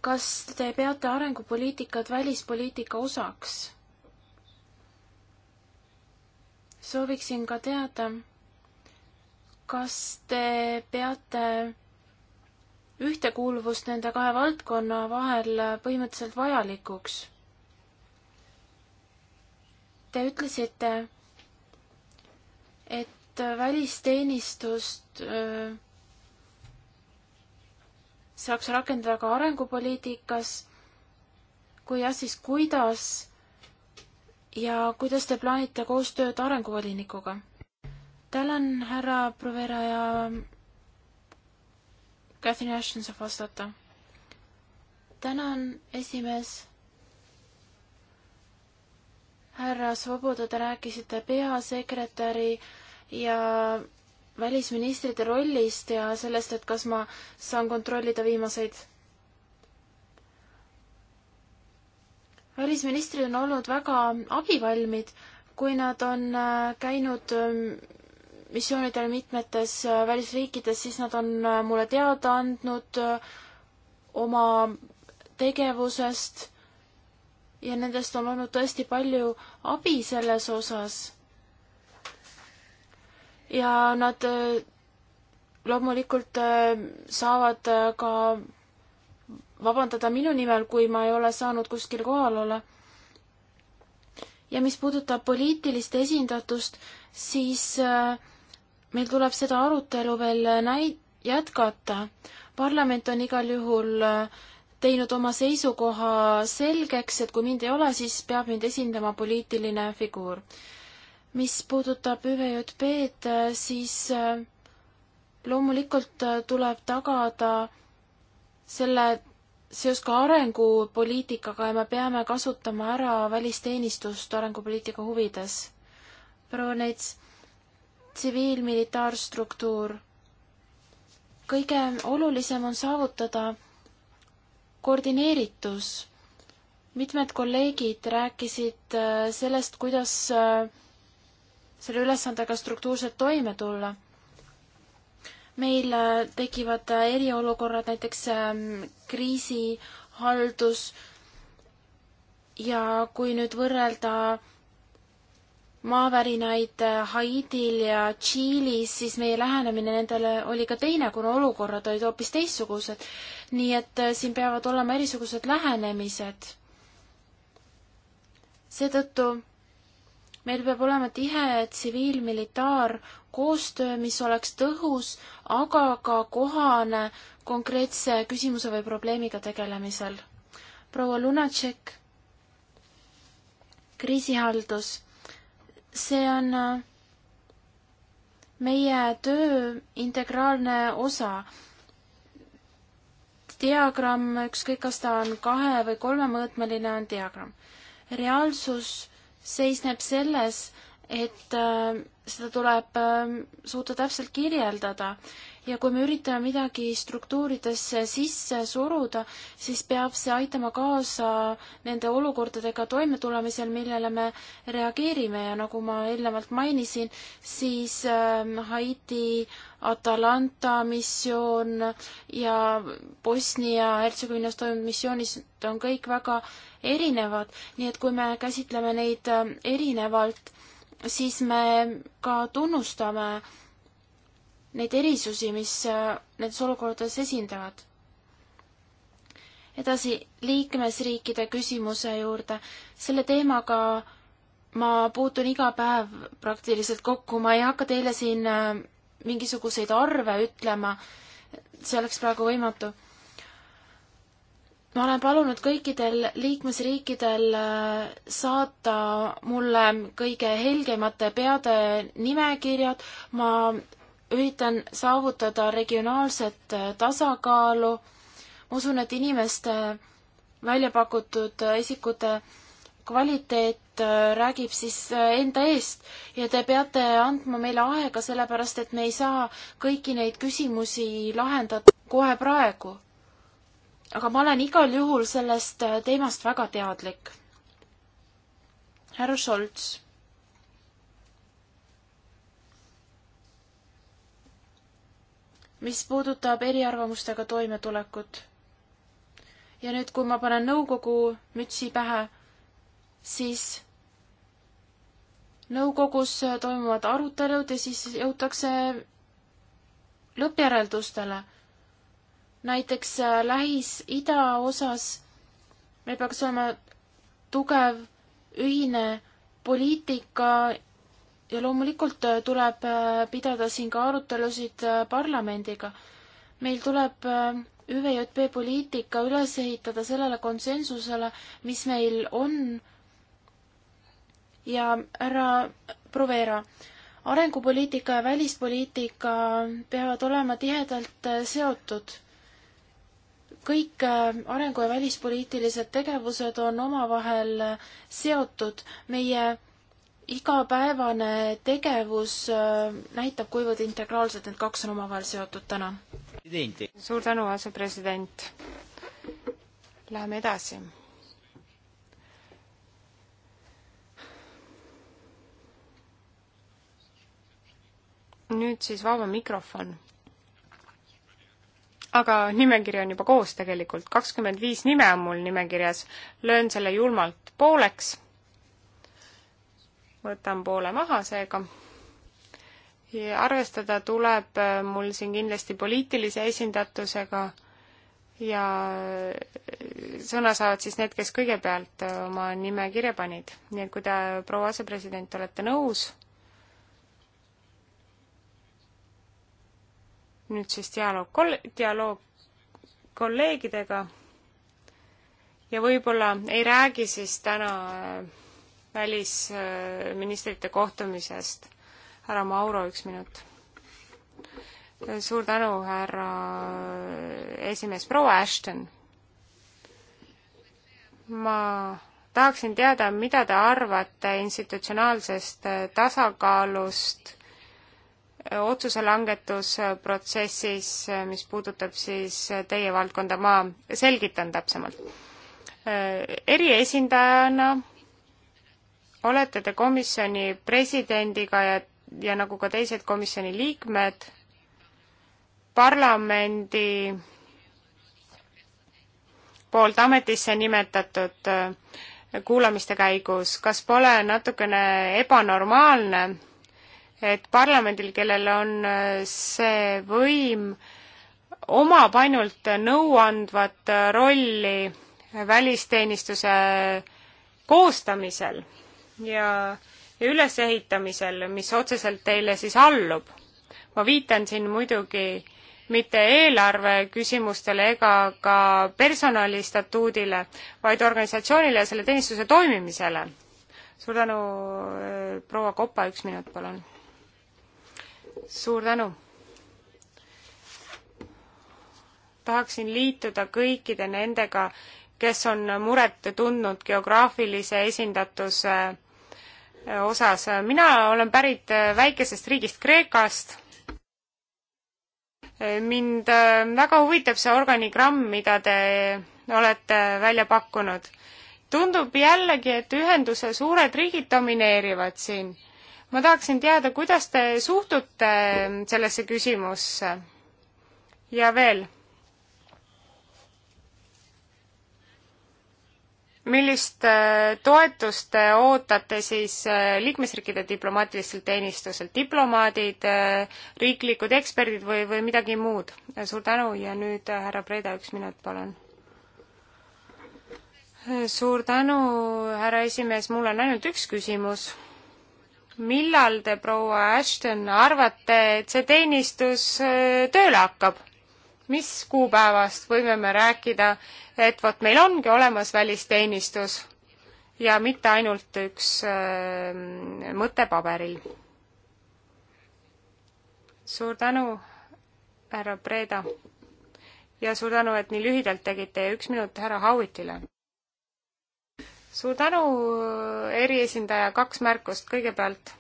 kas te peate arengupoliitikat välispoliitika osaks? sooviksin ka teada, kas te peate ühtekuuluvust nende kahe valdkonna vahel põhimõtteliselt vajalikuks. Te ütlesite, et välisteenistust äh, saaks rakendada ka arengupoliitikas. kui jah, siis kuidas ja kuidas te plaanite koostööd arenguvolinikuga? tänan, härra Provera ja Catherine Ashton saab vastata. tänan, esimees. härra Svoboda, te rääkisite peasekretäri ja välisministrite rollist ja sellest, et kas ma saan kontrollida viimaseid. välisministrid on olnud väga abivalmid, kui nad on äh, käinud ähm, missioonidel mitmetes äh, välisriikides, siis nad on äh, mulle teada andnud äh, oma tegevusest ja nendest on olnud tõesti palju abi selles osas. ja nad loomulikult saavad ka vabandada minu nimel, kui ma ei ole saanud kuskil kohal olla. ja mis puudutab poliitilist esindatust, siis äh, meil tuleb seda arutelu veel äh, näi-, jätkata. parlament on igal juhul äh, teinud oma seisukoha selgeks, et kui mind ei ole, siis peab mind esindama poliitiline figuur. mis puudutab ÜVJP-d, äh, siis loomulikult tuleb tagada selle seos ka arengupoliitikaga ja me peame kasutama ära välisteenistust arengupoliitika huvides. proua Neits tsiviilmilitaarstruktuur. kõige olulisem on saavutada koordineeritus. mitmed kolleegid rääkisid äh, sellest, kuidas äh, selle ülesandega struktuurselt toime tulla. meil äh, tekivad eriolukorrad, näiteks ähm, kriisihaldus ja kui nüüd võrrelda maavärinaid äh, Haitil ja Tšiilis, siis meie lähenemine nendele oli ka teine, kuna olukorrad olid hoopis teistsugused. nii et äh, siin peavad olema erisugused lähenemised. seetõttu meil peab olema tihe tsiviil-militaarkoostöö, mis oleks tõhus, aga ka kohane konkreetse küsimuse või probleemiga tegelemisel. proua Lunatšek, kriisihaldus see on äh, meie töö integraalne osa. diagramm, ükskõik kas ta on kahe- või kolmemõõtmeline, on diagramm. reaalsus seisneb selles, et äh, seda tuleb äh, suuta täpselt kirjeldada ja kui me üritame midagi struktuuridesse sisse suruda, siis peab see aitama kaasa nende olukordadega toimetulemisel, millele me reageerime ja nagu ma eelnevalt mainisin, siis ähm, Haiti Atalanta missioon ja Bosnia-Hertsegoviinas toimunud missioonid on kõik väga erinevad, nii et kui me käsitleme neid ähm, erinevalt, siis me ka tunnustame neid erisusi, mis äh, nendes olukordades esindavad. edasi liikmesriikide küsimuse juurde. selle teemaga ma puutun iga päev praktiliselt kokku, ma ei hakka teile siin äh, mingisuguseid arve ütlema, see oleks praegu võimatu. ma olen palunud kõikidel liikmesriikidel äh, saata mulle kõige helgemate peade nimekirjad, ma üritan saavutada regionaalset äh, tasakaalu. ma usun, et inimeste välja pakutud äh, isikute kvaliteet äh, räägib siis enda eest ja te peate andma meile aega, sellepärast et me ei saa kõiki neid küsimusi lahendada kohe praegu. aga ma olen igal juhul sellest teemast väga teadlik. härra Scholz mis puudutab eriarvamustega toimetulekut. ja nüüd, kui ma panen nõukogu mütsi pähe, siis nõukogus toimuvad arutelud ja siis jõutakse lõppjäreldustele. näiteks äh, Lähis-Ida osas meil peaks olema tugev ühine poliitika ja loomulikult äh, tuleb äh, pidada siin ka arutelusid äh, parlamendiga. meil tuleb ÜVJP poliitika üles ehitada sellele konsensusele, mis meil on. ja härra Provera, arengupoliitika ja välispoliitika peavad olema tihedalt seotud. kõik arengu- ja välispoliitilised tegevused on omavahel seotud. meie igapäevane tegevus äh, näitab, kuivõrd integraalselt need kaks on omavahel seotud täna. suur tänu, asepresident. Läheme edasi. nüüd siis vaba mikrofon. aga nimekiri on juba koos tegelikult, kakskümmend viis nime on mul nimekirjas, löön selle julmalt pooleks võtan poole maha seega. arvestada tuleb äh, mul siin kindlasti poliitilise esindatusega ja äh, sõna saavad siis need, kes kõigepealt äh, oma nime kirja panid. nii et kui te, proua asepresident, olete nõus, nüüd siis dialoog kol-, dialoog kolleegidega ja võib-olla ei räägi siis täna äh, välisministrite kohtumisest. härra Mauro, üks minut. suur tänu, härra esimees, proua Ashton. ma tahaksin teada, mida te arvate institutsionaalsest tasakaalust otsuse langetusprotsessis, mis puudutab siis teie valdkonda, ma selgitan täpsemalt. eriesindajana olete te komisjoni presidendiga ja, ja nagu ka teised komisjoni liikmed parlamendi poolt ametisse nimetatud äh, kuulamiste käigus, kas pole natukene ebanormaalne, et parlamendil, kellel on äh, see võim, omab ainult nõuandvat äh, rolli välisteenistuse koostamisel ja, ja ülesehitamisel, mis otseselt teile siis allub. ma viitan siin muidugi mitte eelarve küsimustele ega ka personalistatuudile, vaid organisatsioonile ja selle teenistuse toimimisele. suur tänu, äh, proua Kopa, üks minut, palun. suur tänu. tahaksin liituda kõikide nendega, kes on muret tundnud geograafilise esindatuse äh, osas. mina olen pärit äh, väikesest riigist Kreekast. mind äh, väga huvitab see organigramm, mida te olete välja pakkunud. tundub jällegi, et ühenduse suured riigid domineerivad siin. ma tahaksin teada, kuidas te suhtute äh, sellesse küsimusse? ja veel millist äh, toetust te äh, ootate siis äh, liikmesriikide diplomaatilistelt teenistuselt, diplomaadid, riiklikud eksperdid või, või midagi muud? suur tänu ja nüüd härra Preda, üks minut, palun. suur tänu, härra esimees, mul on ainult üks küsimus. millal te, proua Ashton, arvate, et see teenistus tööle hakkab? mis kuupäevast võime me rääkida, et vot meil ongi olemas välisteenistus ja mitte ainult üks äh, mõte paberil. suur tänu, härra Breda. ja suur tänu, et nii lühidalt tegite ja üks minut härra Howitile. suur tänu, eriesindaja, kaks märkust kõigepealt.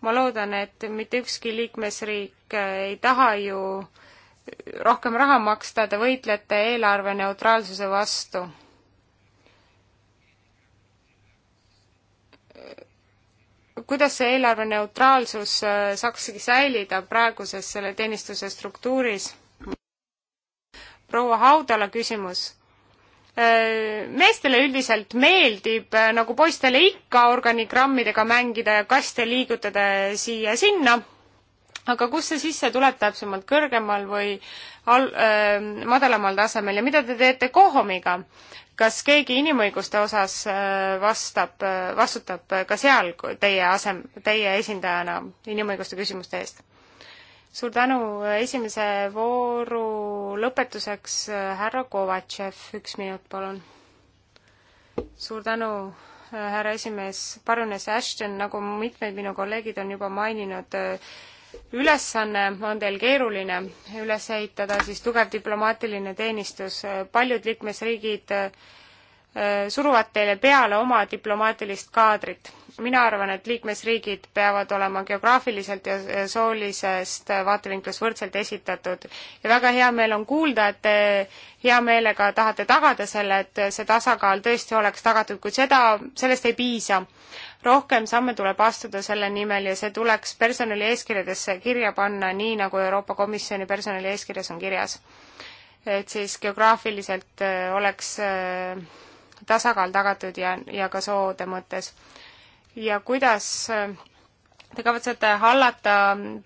ma loodan, et mitte ükski liikmesriik ei taha ju äh, rohkem raha maksta, te võitlete eelarve neutraalsuse vastu. kuidas see eelarve neutraalsus äh, saakski säilida praeguses selle teenistuse struktuuris? proua Haudala küsimus äh, meestele üldiselt meeldib äh, nagu poistele ikka organigrammidega mängida ja kaste liigutada siia-sinna aga kus see sisse tuleb täpsemalt, kõrgemal või al-, öö, äh, madalamal tasemel ja mida te teete Kohomiga? kas keegi inimõiguste osas äh, vastab, äh, vastutab ka seal teie asem, teie esindajana inimõiguste küsimuste eest? suur tänu, esimese vooru lõpetuseks härra Kovatšev, üks minut, palun. suur tänu härra esimees, parunes Ashton, nagu mitmed minu kolleegid on juba maininud, ülesanne on teil keeruline üles ehitada, siis tugev diplomaatiline teenistus, paljud liikmesriigid äh, suruvad teile peale oma diplomaatilist kaadrit mina arvan, et liikmesriigid peavad olema geograafiliselt ja soolisest vaatevinklist võrdselt esitatud ja väga hea meel on kuulda, et te hea meelega tahate tagada selle, et see tasakaal tõesti oleks tagatud, kuid seda, sellest ei piisa. rohkem samme tuleb astuda selle nimel ja see tuleks personali eeskirjadesse kirja panna, nii nagu Euroopa Komisjoni personali eeskirjas on kirjas. et siis geograafiliselt äh, oleks äh, tasakaal tagatud ja, ja ka soode mõttes ja kuidas äh, te kavatsete hallata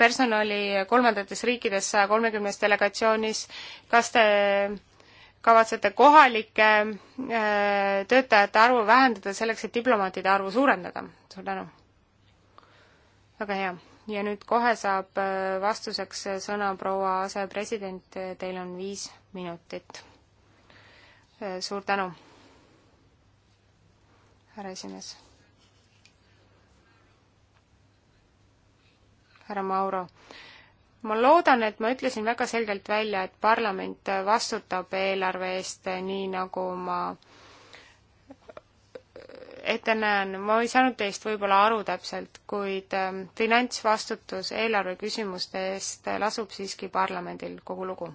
personali kolmandates riikides saja kolmekümnes delegatsioonis, kas te kavatsete kohalike äh, töötajate arvu vähendada selleks, et diplomaatide arvu suurendada? suur tänu! väga hea. ja nüüd kohe saab äh, vastuseks sõna proua asepresident, teil on viis minutit. suur tänu, härra esimees härra Mauro. ma loodan, et ma ütlesin väga selgelt välja, et parlament vastutab eelarve eest, eh, nii nagu ma eh, ette näen, ma ei saanud teist võib-olla aru täpselt, kuid eh, finantsvastutus eelarve küsimuste eest lasub siiski parlamendil, kogu lugu.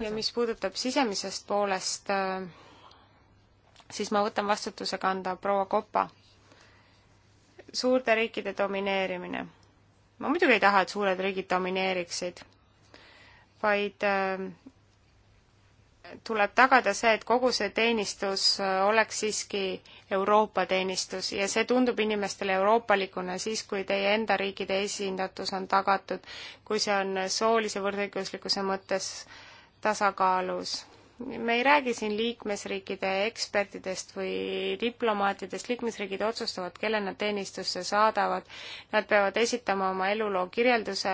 ja mis puudutab sisemisest poolest äh, siis ma võtan vastutuse kanda proua Kopa. suurte riikide domineerimine. ma muidugi ei taha, et suured riigid domineeriksid, vaid äh, tuleb tagada see, et kogu see teenistus äh, oleks siiski Euroopa teenistus ja see tundub inimestele euroopalikuna siis, kui teie enda riikide esindatus on tagatud, kui see on soolise võrdõiguslikkuse mõttes tasakaalus me ei räägi siin liikmesriikide ekspertidest või diplomaatidest, liikmesriigid otsustavad, kelle nad teenistusse saadavad, nad peavad esitama oma eluloo kirjelduse,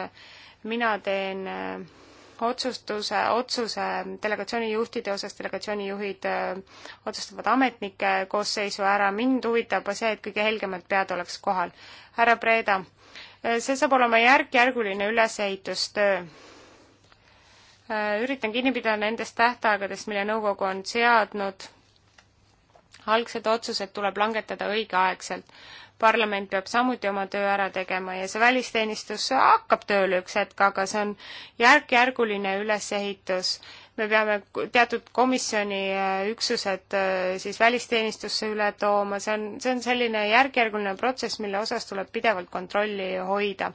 mina teen äh, otsustuse, otsuse delegatsiooni juhtide osas, delegatsiooni juhid äh, otsustavad ametnike koosseisu ära, mind huvitab see, et kõige helgemad pead oleks kohal. härra Preeda, äh, see saab olema järk-järguline ülesehitustöö Äh, üritan kinni pidada nendest tähtaegadest, mille nõukogu on seadnud. algsed otsused tuleb langetada õigeaegselt. parlament peab samuti oma töö ära tegema ja see välisteenistus hakkab tööle üks hetk, aga see on järk-järguline ülesehitus. me peame teatud komisjoni äh, üksused äh, siis välisteenistusse üle tooma, see on, see on selline järk-järguline protsess, mille osas tuleb pidevalt kontrolli hoida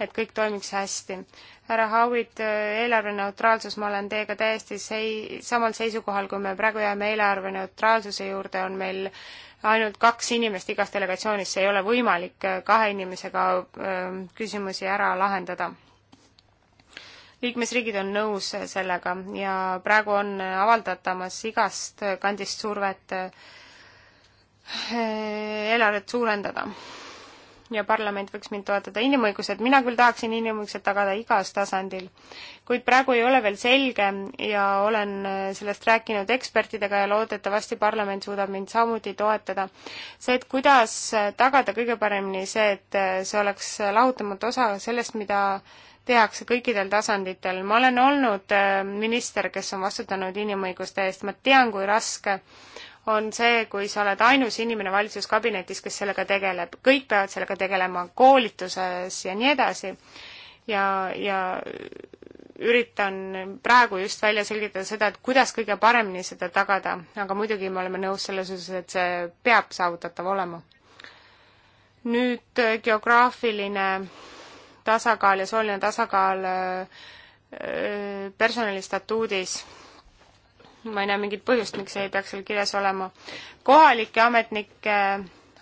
et kõik toimiks hästi härra Howitt, äh, eelarveneutraalsus, ma olen teiega täiesti sei-, samal seisukohal, kui me praegu jääme eelarveneutraalsuse juurde, on meil ainult kaks inimest igas delegatsioonis, see ei ole võimalik äh, kahe inimesega ähm, küsimusi ära lahendada. liikmesriigid on nõus äh, sellega ja praegu on avaldatamas igast kandist survet eelarvet suurendada ja parlament võiks mind toetada. inimõigused, mina küll tahaksin inimõigused tagada igas tasandil, kuid praegu ei ole veel selge ja olen äh, sellest rääkinud ekspertidega ja loodetavasti parlament suudab mind samuti toetada. see, et kuidas äh, tagada kõige paremini see, et äh, see oleks lahutamatu osa sellest, mida tehakse kõikidel tasanditel. ma olen olnud minister, kes on vastutanud inimõiguste eest, ma tean, kui raske on see, kui sa oled ainus inimene valitsuskabinetis, kes sellega tegeleb. kõik peavad sellega tegelema koolituses ja nii edasi. ja, ja üritan praegu just välja selgitada seda, et kuidas kõige paremini seda tagada, aga muidugi me oleme nõus selles osas, et see peab saavutatav olema. nüüd äh, geograafiline tasakaal ja sooline tasakaal äh, äh, personalistatuudis ma ei näe mingit põhjust, miks ei peaks seal kirjas olema. kohalike ametnike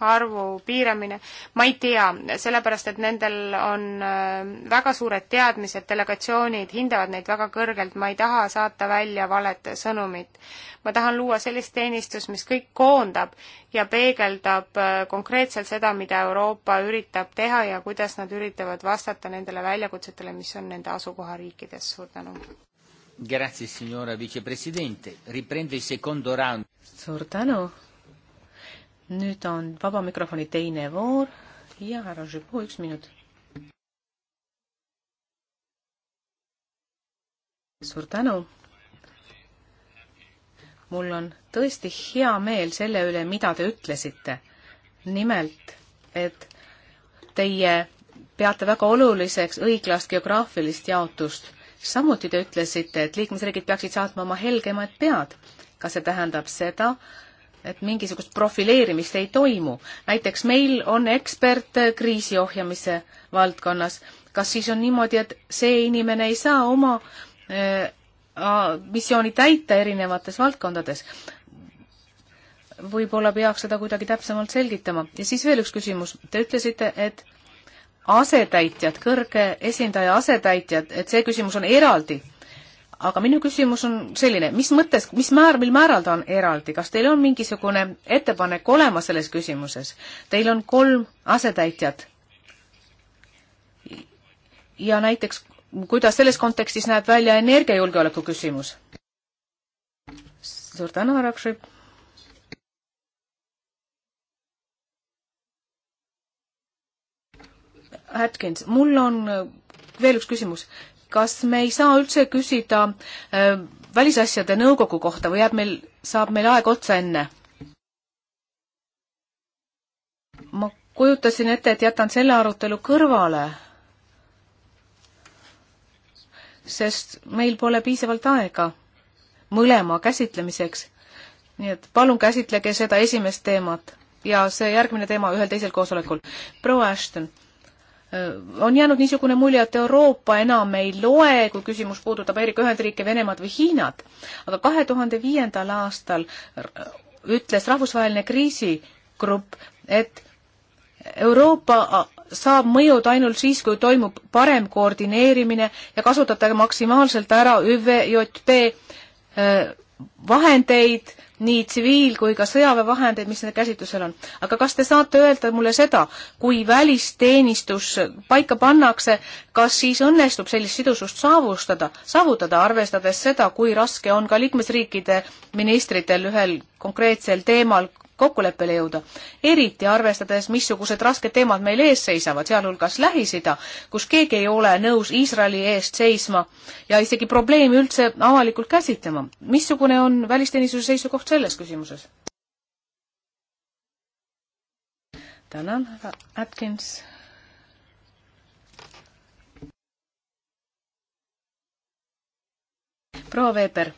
arvu piiramine, ma ei tea, sellepärast et nendel on äh, väga suured teadmised, delegatsioonid hindavad neid väga kõrgelt, ma ei taha saata välja valet sõnumit. ma tahan luua sellist teenistust, mis kõik koondab ja peegeldab äh, konkreetselt seda, mida Euroopa üritab teha ja kuidas nad üritavad vastata nendele väljakutsetele, mis on nende asukohariikides. suur tänu! Grazie, signora vicepresidente. Riprende il secondo round. suur tänu. nüüd on vaba mikrofoni teine voor ja härra Žibu, üks minut. suur tänu. mul on tõesti hea meel selle üle, mida te ütlesite. nimelt, et teie peate väga oluliseks õiglast geograafilist jaotust samuti te ütlesite, et liikmesriigid peaksid saatma oma helgemad pead. kas see tähendab seda, et mingisugust profileerimist ei toimu? näiteks meil on ekspert kriisi ohjamise valdkonnas, kas siis on niimoodi, et see inimene ei saa oma äh, missiooni täita erinevates valdkondades? võib-olla peaks seda kuidagi täpsemalt selgitama. ja siis veel üks küsimus. Te ütlesite, et äh, asetäitjad, kõrge esindaja asetäitjad, et see küsimus on eraldi. aga minu küsimus on selline, mis mõttes, mis määr, mil määral ta on eraldi, kas teil on mingisugune ettepanek olemas selles küsimuses? Teil on kolm asetäitjat. ja näiteks, kuidas selles kontekstis näeb välja energiajulgeoleku küsimus? suur tänu, härra Kšõp Atkins, mul on äh, veel üks küsimus. kas me ei saa üldse küsida äh, välisasjade nõukogu kohta või jääb meil, saab meil aeg otsa enne? ma kujutasin ette, et jätan selle arutelu kõrvale, sest meil pole piisavalt aega mõlema käsitlemiseks. nii et palun käsitlege seda esimest teemat ja see järgmine teema ühel teisel koosolekul. proua Ashton Äh, on jäänud niisugune mulje, et Euroopa enam ei loe, kui küsimus puudutab Ameerika Ühendriike, Venemaad või Hiinat. aga kahe tuhande viiendal aastal ütles rahvusvaheline kriisigrupp, et Euroopa saab mõjud ainult siis, kui toimub parem koordineerimine ja kasutatakse maksimaalselt ära ÜVJP äh, vahendeid nii tsiviil- kui ka sõjaväevahendeid, mis nende käsitlusel on. aga kas te saate öelda mulle seda, kui välisteenistus paika pannakse, kas siis õnnestub sellist sidusust saavustada, saavutada, arvestades seda, kui raske on ka liikmesriikide ministritel ühel konkreetsel teemal kokkuleppele jõuda. eriti arvestades, missugused rasked teemad meil ees seisavad, sealhulgas Lähis-Ida, kus keegi ei ole nõus Iisraeli eest seisma ja isegi probleemi üldse avalikult käsitlema. missugune on välisteenistuse seisukoht selles küsimuses? tänan, härra Atkins. proua Veeber,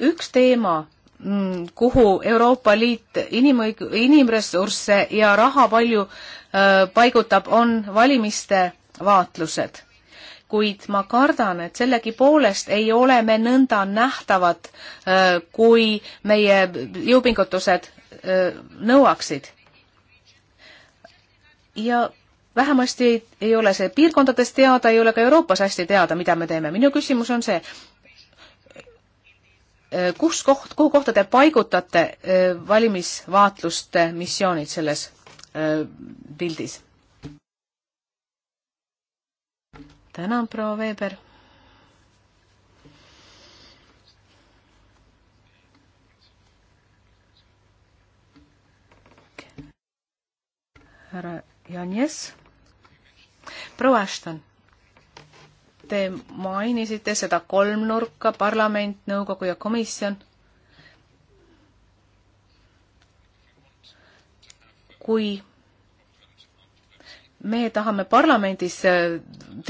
üks teema Mm, kuhu Euroopa Liit inimõig-, inimressursse ja raha palju äh, paigutab, on valimiste vaatlused. kuid ma kardan, et sellegipoolest ei ole me nõnda nähtavad äh,, kui meie jõupingutused äh, nõuaksid. ja vähemasti ei, ei ole see piirkondades teada, ei ole ka Euroopas hästi teada, mida me teeme. minu küsimus on see, kus koht, kuhu kohta te paigutate äh, valimisvaatluste missioonid selles äh, pildis? tänan, proua Veber. härra Janjes. proua Ashton Te mainisite seda kolmnurka, parlament, nõukogu ja komisjon. kui me tahame parlamendis äh,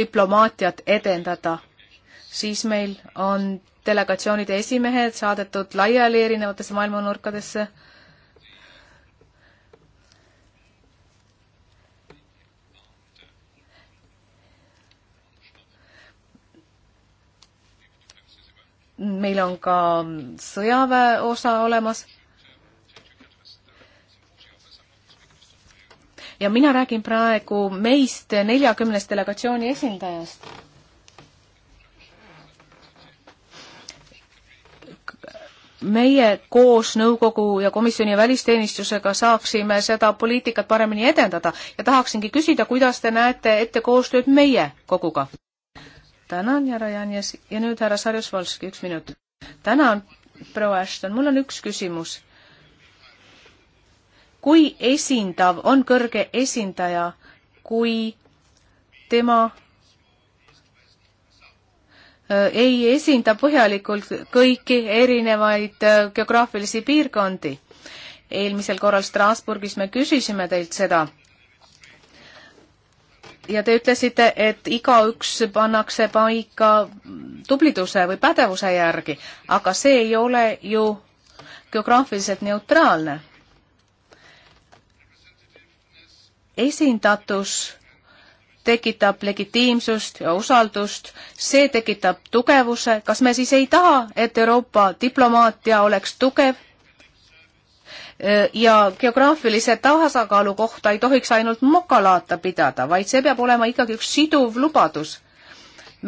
diplomaatiat edendada, siis meil on delegatsioonide esimehed saadetud laiali erinevatesse maailmanurkadesse äh, meil on ka sõjaväe osa olemas. ja mina räägin praegu meist neljakümnest delegatsiooni esindajast. meie koos nõukogu ja komisjoni välisteenistusega saaksime seda poliitikat paremini edendada ja tahaksingi küsida, kuidas te näete ette koostööd meie koguga? tänan, härra Janjes ja nüüd härra Sarjus-Volski, üks minut. tänan, proua Ashton, mul on üks küsimus. kui esindav on kõrge esindaja, kui tema äh, ei esinda põhjalikult kõiki erinevaid äh, geograafilisi piirkondi. eelmisel korral Strasbourgis me küsisime teilt seda ja te ütlesite, et igaüks pannakse paika tubliduse või pädevuse järgi, aga see ei ole ju geograafiliselt neutraalne. esindatus tekitab legitiimsust ja usaldust, see tekitab tugevuse, kas me siis ei taha, et Euroopa diplomaatia oleks tugev Äh, ja geograafilise tasakaalu kohta ei tohiks ainult mokalaata pidada, vaid see peab olema ikkagi üks siduv lubadus.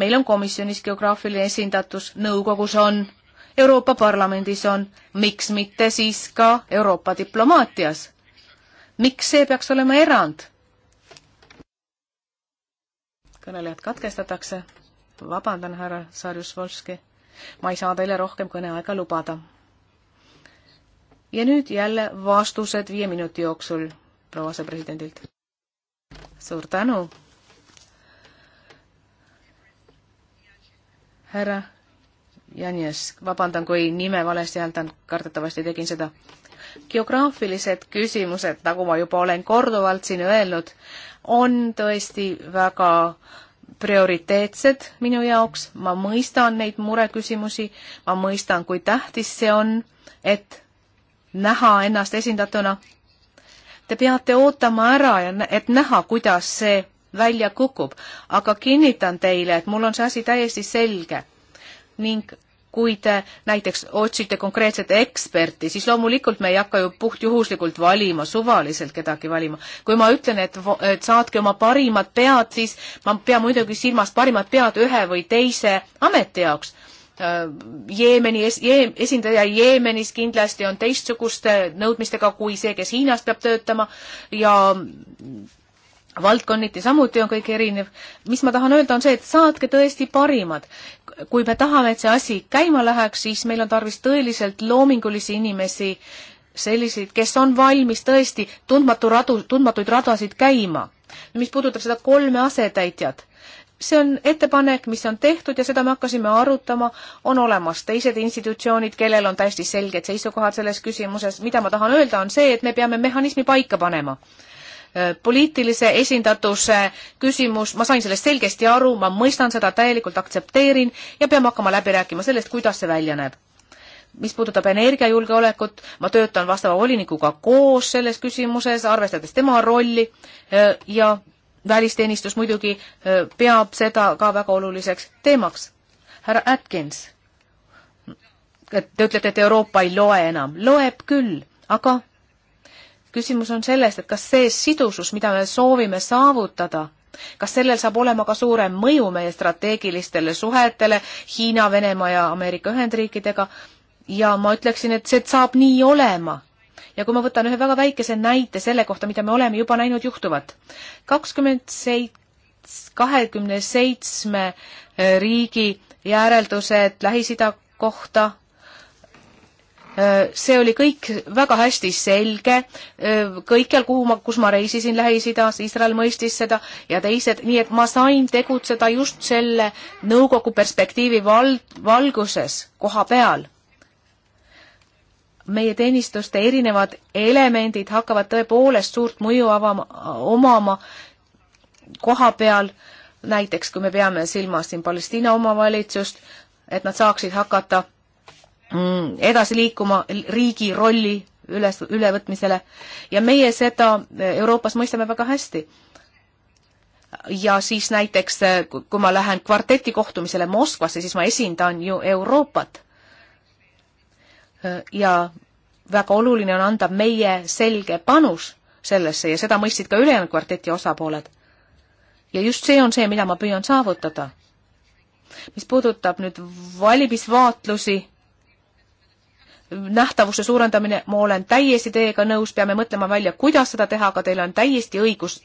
meil on komisjonis geograafiline esindatus, nõukogus on, Euroopa Parlamendis on, miks mitte siis ka Euroopa diplomaatias? miks see peaks olema erand? kõnelejad katkestatakse. vabandan, härra Sarjus-Volski, ma ei saa teile rohkem kõneaega lubada ja nüüd jälle vastused viie minuti jooksul proua asepresidendilt. suur tänu. härra Janjes, vabandan, kui nime valesti hääldan, kardetavasti tegin seda. geograafilised küsimused, nagu ma juba olen korduvalt siin öelnud, on tõesti väga prioriteetsed minu jaoks, ma mõistan neid mureküsimusi, ma mõistan, kui tähtis see on, et näha ennast esindatuna. Te peate ootama ära ja et näha, kuidas see välja kukub, aga kinnitan teile, et mul on see asi täiesti selge ning kui te näiteks otsite konkreetset eksperti, siis loomulikult me ei hakka ju puhtjuhuslikult valima, suvaliselt kedagi valima. kui ma ütlen, et, et saatke oma parimad pead, siis ma pean muidugi silmas parimad pead ühe või teise ameti jaoks. Äh, Jeemeni es, Jeem, esindaja Jeemenis kindlasti on teistsuguste nõudmistega kui see, kes Hiinas peab töötama ja valdkonniti samuti on kõik erinev. mis ma tahan öelda, on see, et saatke tõesti parimad. kui me tahame, et see asi käima läheks, siis meil on tarvis tõeliselt loomingulisi inimesi, selliseid, kes on valmis tõesti tundmatu radu, tundmatuid radasid käima. mis puudutab seda kolme asetäitjat see on ettepanek, mis on tehtud ja seda me hakkasime arutama, on olemas teised institutsioonid, kellel on täiesti selged seisukohad selles küsimuses, mida ma tahan öelda, on see, et me peame mehhanismi paika panema. Äh, poliitilise esindatuse küsimus, ma sain sellest selgesti aru, ma mõistan seda, täielikult aktsepteerin ja peame hakkama läbi rääkima sellest, kuidas see välja näeb mis puudutab energiajulgeolekut, ma töötan vastava volinikuga koos selles küsimuses, arvestades tema rolli äh, ja välisteenistus muidugi peab seda ka väga oluliseks teemaks. härra Atkins, te ütlete, et Euroopa ei loe enam. loeb küll, aga küsimus on selles, et kas see sidusus, mida me soovime saavutada, kas sellel saab olema ka suurem mõju meie strateegilistele suhetele Hiina, Venemaa ja Ameerika Ühendriikidega ja ma ütleksin, et see saab nii olema ja kui ma võtan ühe väga väikese näite selle kohta, mida me oleme juba näinud juhtuvat, kakskümmend seit-, kahekümne seitsme äh, riigi järeldused Lähis-Ida kohta, äh, see oli kõik väga hästi selge, äh, kõikjal, kuhu ma, kus ma reisisin Lähis-Idas, Iisrael mõistis seda ja teised, nii et ma sain tegutseda just selle nõukogu perspektiivi val-, valguses koha peal meie teenistuste erinevad elemendid hakkavad tõepoolest suurt mõju avama, omama koha peal, näiteks kui me peame silmas siin Palestiina omavalitsust, et nad saaksid hakata mm, edasi liikuma riigi rolli üles, ülevõtmisele ja meie seda Euroopas mõistame väga hästi. ja siis näiteks, kui ma lähen kvarteti kohtumisele Moskvasse, siis ma esindan ju Euroopat Äh, ja väga oluline on anda meie selge panus sellesse ja seda mõistsid ka ülejäänud kvarteti osapooled. ja just see on see, mida ma püüan saavutada. mis puudutab nüüd valimisvaatlusi, nähtavuse suurendamine, ma olen täiesti teiega nõus, peame mõtlema välja, kuidas seda teha, aga teil on täiesti õigus.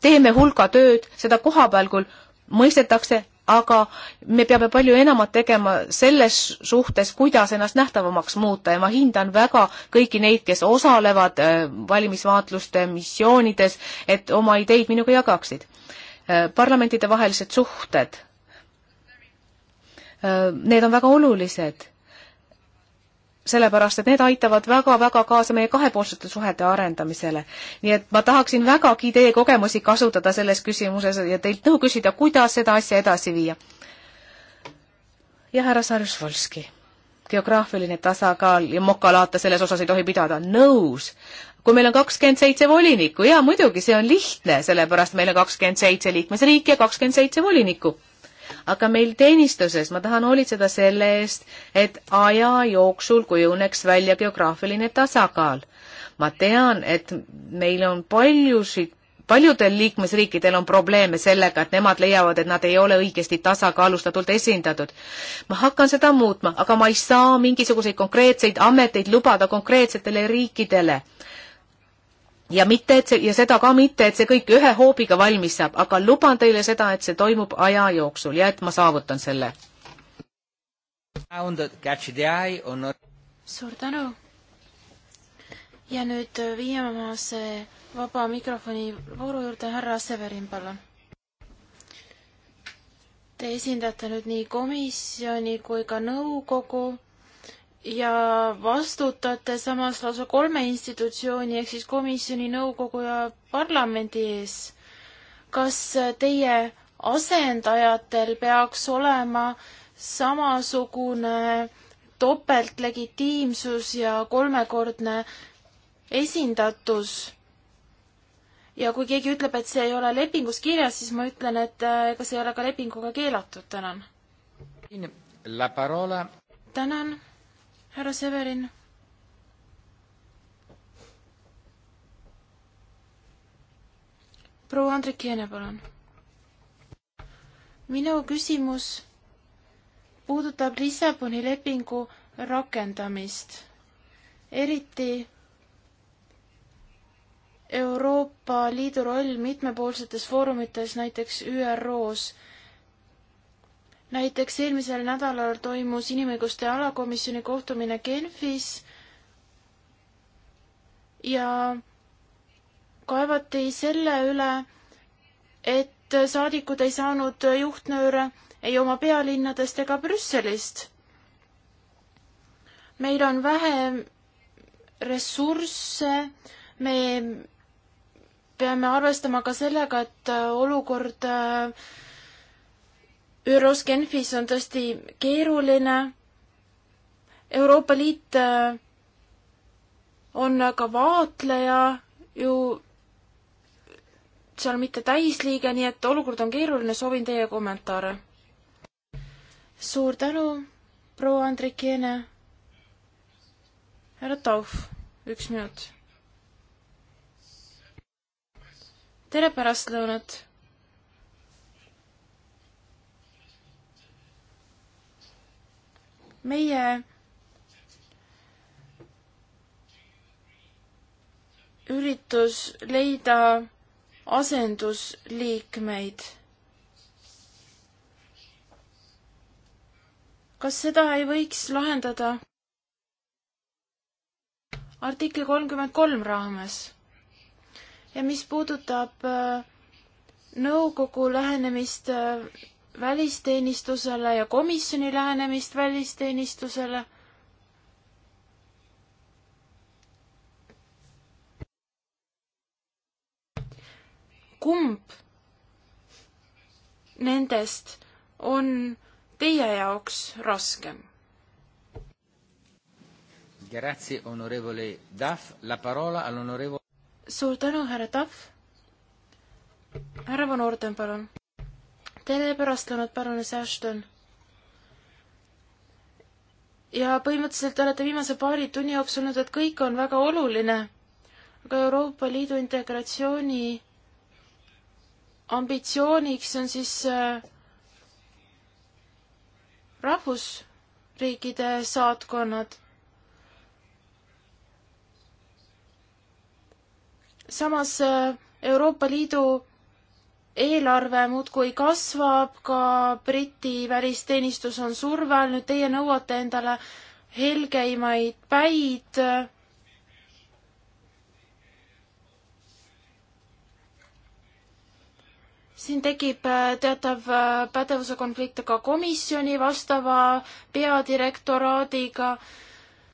teeme hulga tööd, seda koha peal küll mõistetakse, aga me peame palju enamat tegema selles suhtes, kuidas ennast nähtavamaks muuta ja ma hindan väga kõiki neid, kes osalevad äh, valimisvaatluste missioonides, et oma ideid minuga jagaksid. Äh, parlamentide vahelised suhted, äh, need on väga olulised sellepärast, et need aitavad väga-väga kaasa meie kahepoolsete suhete arendamisele. nii et ma tahaksin vägagi teie kogemusi kasutada selles küsimuses ja teilt nõu küsida, kuidas seda asja edasi viia. ja härra Sarjusvolski, geograafiline tasakaal ja mokalaate selles osas ei tohi pidada, nõus. kui meil on kakskümmend seitse volinikku, jaa muidugi, see on lihtne, sellepärast meil on kakskümmend seitse liikmesriiki ja kakskümmend seitse volinikku aga meil teenistuses ma tahan hoolitseda selle eest, et aja jooksul kujuneks välja geograafiline tasakaal. ma tean, et meil on paljusid paljudel liikmesriikidel on probleeme sellega, et nemad leiavad, et nad ei ole õigesti tasakaalustatult esindatud. ma hakkan seda muutma, aga ma ei saa mingisuguseid konkreetseid ameteid lubada konkreetsetele riikidele ja mitte, et see, ja seda ka mitte, et see kõik ühe hoobiga valmis saab, aga luban teile seda, et see toimub aja jooksul ja et ma saavutan selle. suur tänu. ja nüüd viimase vaba mikrofoni vooru juurde, härra Severin, palun. Te esindate nüüd nii komisjoni kui ka nõukogu ja vastutate samas lausa kolme institutsiooni ehk siis komisjoni, nõukogu ja parlamendi ees. kas teie asendajatel peaks olema samasugune topeltlegitiimsus ja kolmekordne esindatus? ja kui keegi ütleb, et see ei ole lepingus kirjas, siis ma ütlen, et äh, ega see ei ole ka lepinguga keelatud, tänan. tänan härra Severin. proua Andrek Jeene, palun. minu küsimus puudutab Lissaboni lepingu rakendamist, eriti Euroopa Liidu roll mitmepoolsetes foorumites, näiteks ÜRO-s näiteks eelmisel nädalal toimus inimõiguste alakomisjoni kohtumine Genfis ja kaevati selle üle, et saadikud ei saanud juhtnööre ei oma pealinnadest ega Brüsselist. meil on vähe ressursse, me peame arvestama ka sellega, et olukord äh, ÜRO-s Genfis on tõesti keeruline. Euroopa Liit äh, on aga vaatleja ju seal mitte täisliige, nii et olukord on keeruline, soovin teie kommentaare. suur tänu, proua Andrik Jeene. härra Tauf, üks minut. tere pärastlõunat meie üritus leida asendusliikmeid. kas seda ei võiks lahendada artikli kolmkümmend kolm raames? ja mis puudutab äh, nõukogu lähenemist äh, välisteenistusele ja komisjoni lähenemist välisteenistusele. kumb nendest on teie jaoks raskem? suur tänu, härra Tahv. härra Van Orden, palun tere pärastlõunat, parunes Ashton. ja põhimõtteliselt olete viimase paari tunni jooksul öelnud, et kõik on väga oluline, aga Euroopa Liidu integratsiooni ambitsiooniks on siis äh, rahvusriikide saatkonnad. samas äh, Euroopa Liidu eelarve muudkui kasvab, ka Briti välisteenistus on surve all, nüüd teie nõuate endale helgeimaid päid. siin tekib äh, teatav äh, pädevuse konflikt ka komisjoni vastava peadirektoraadiga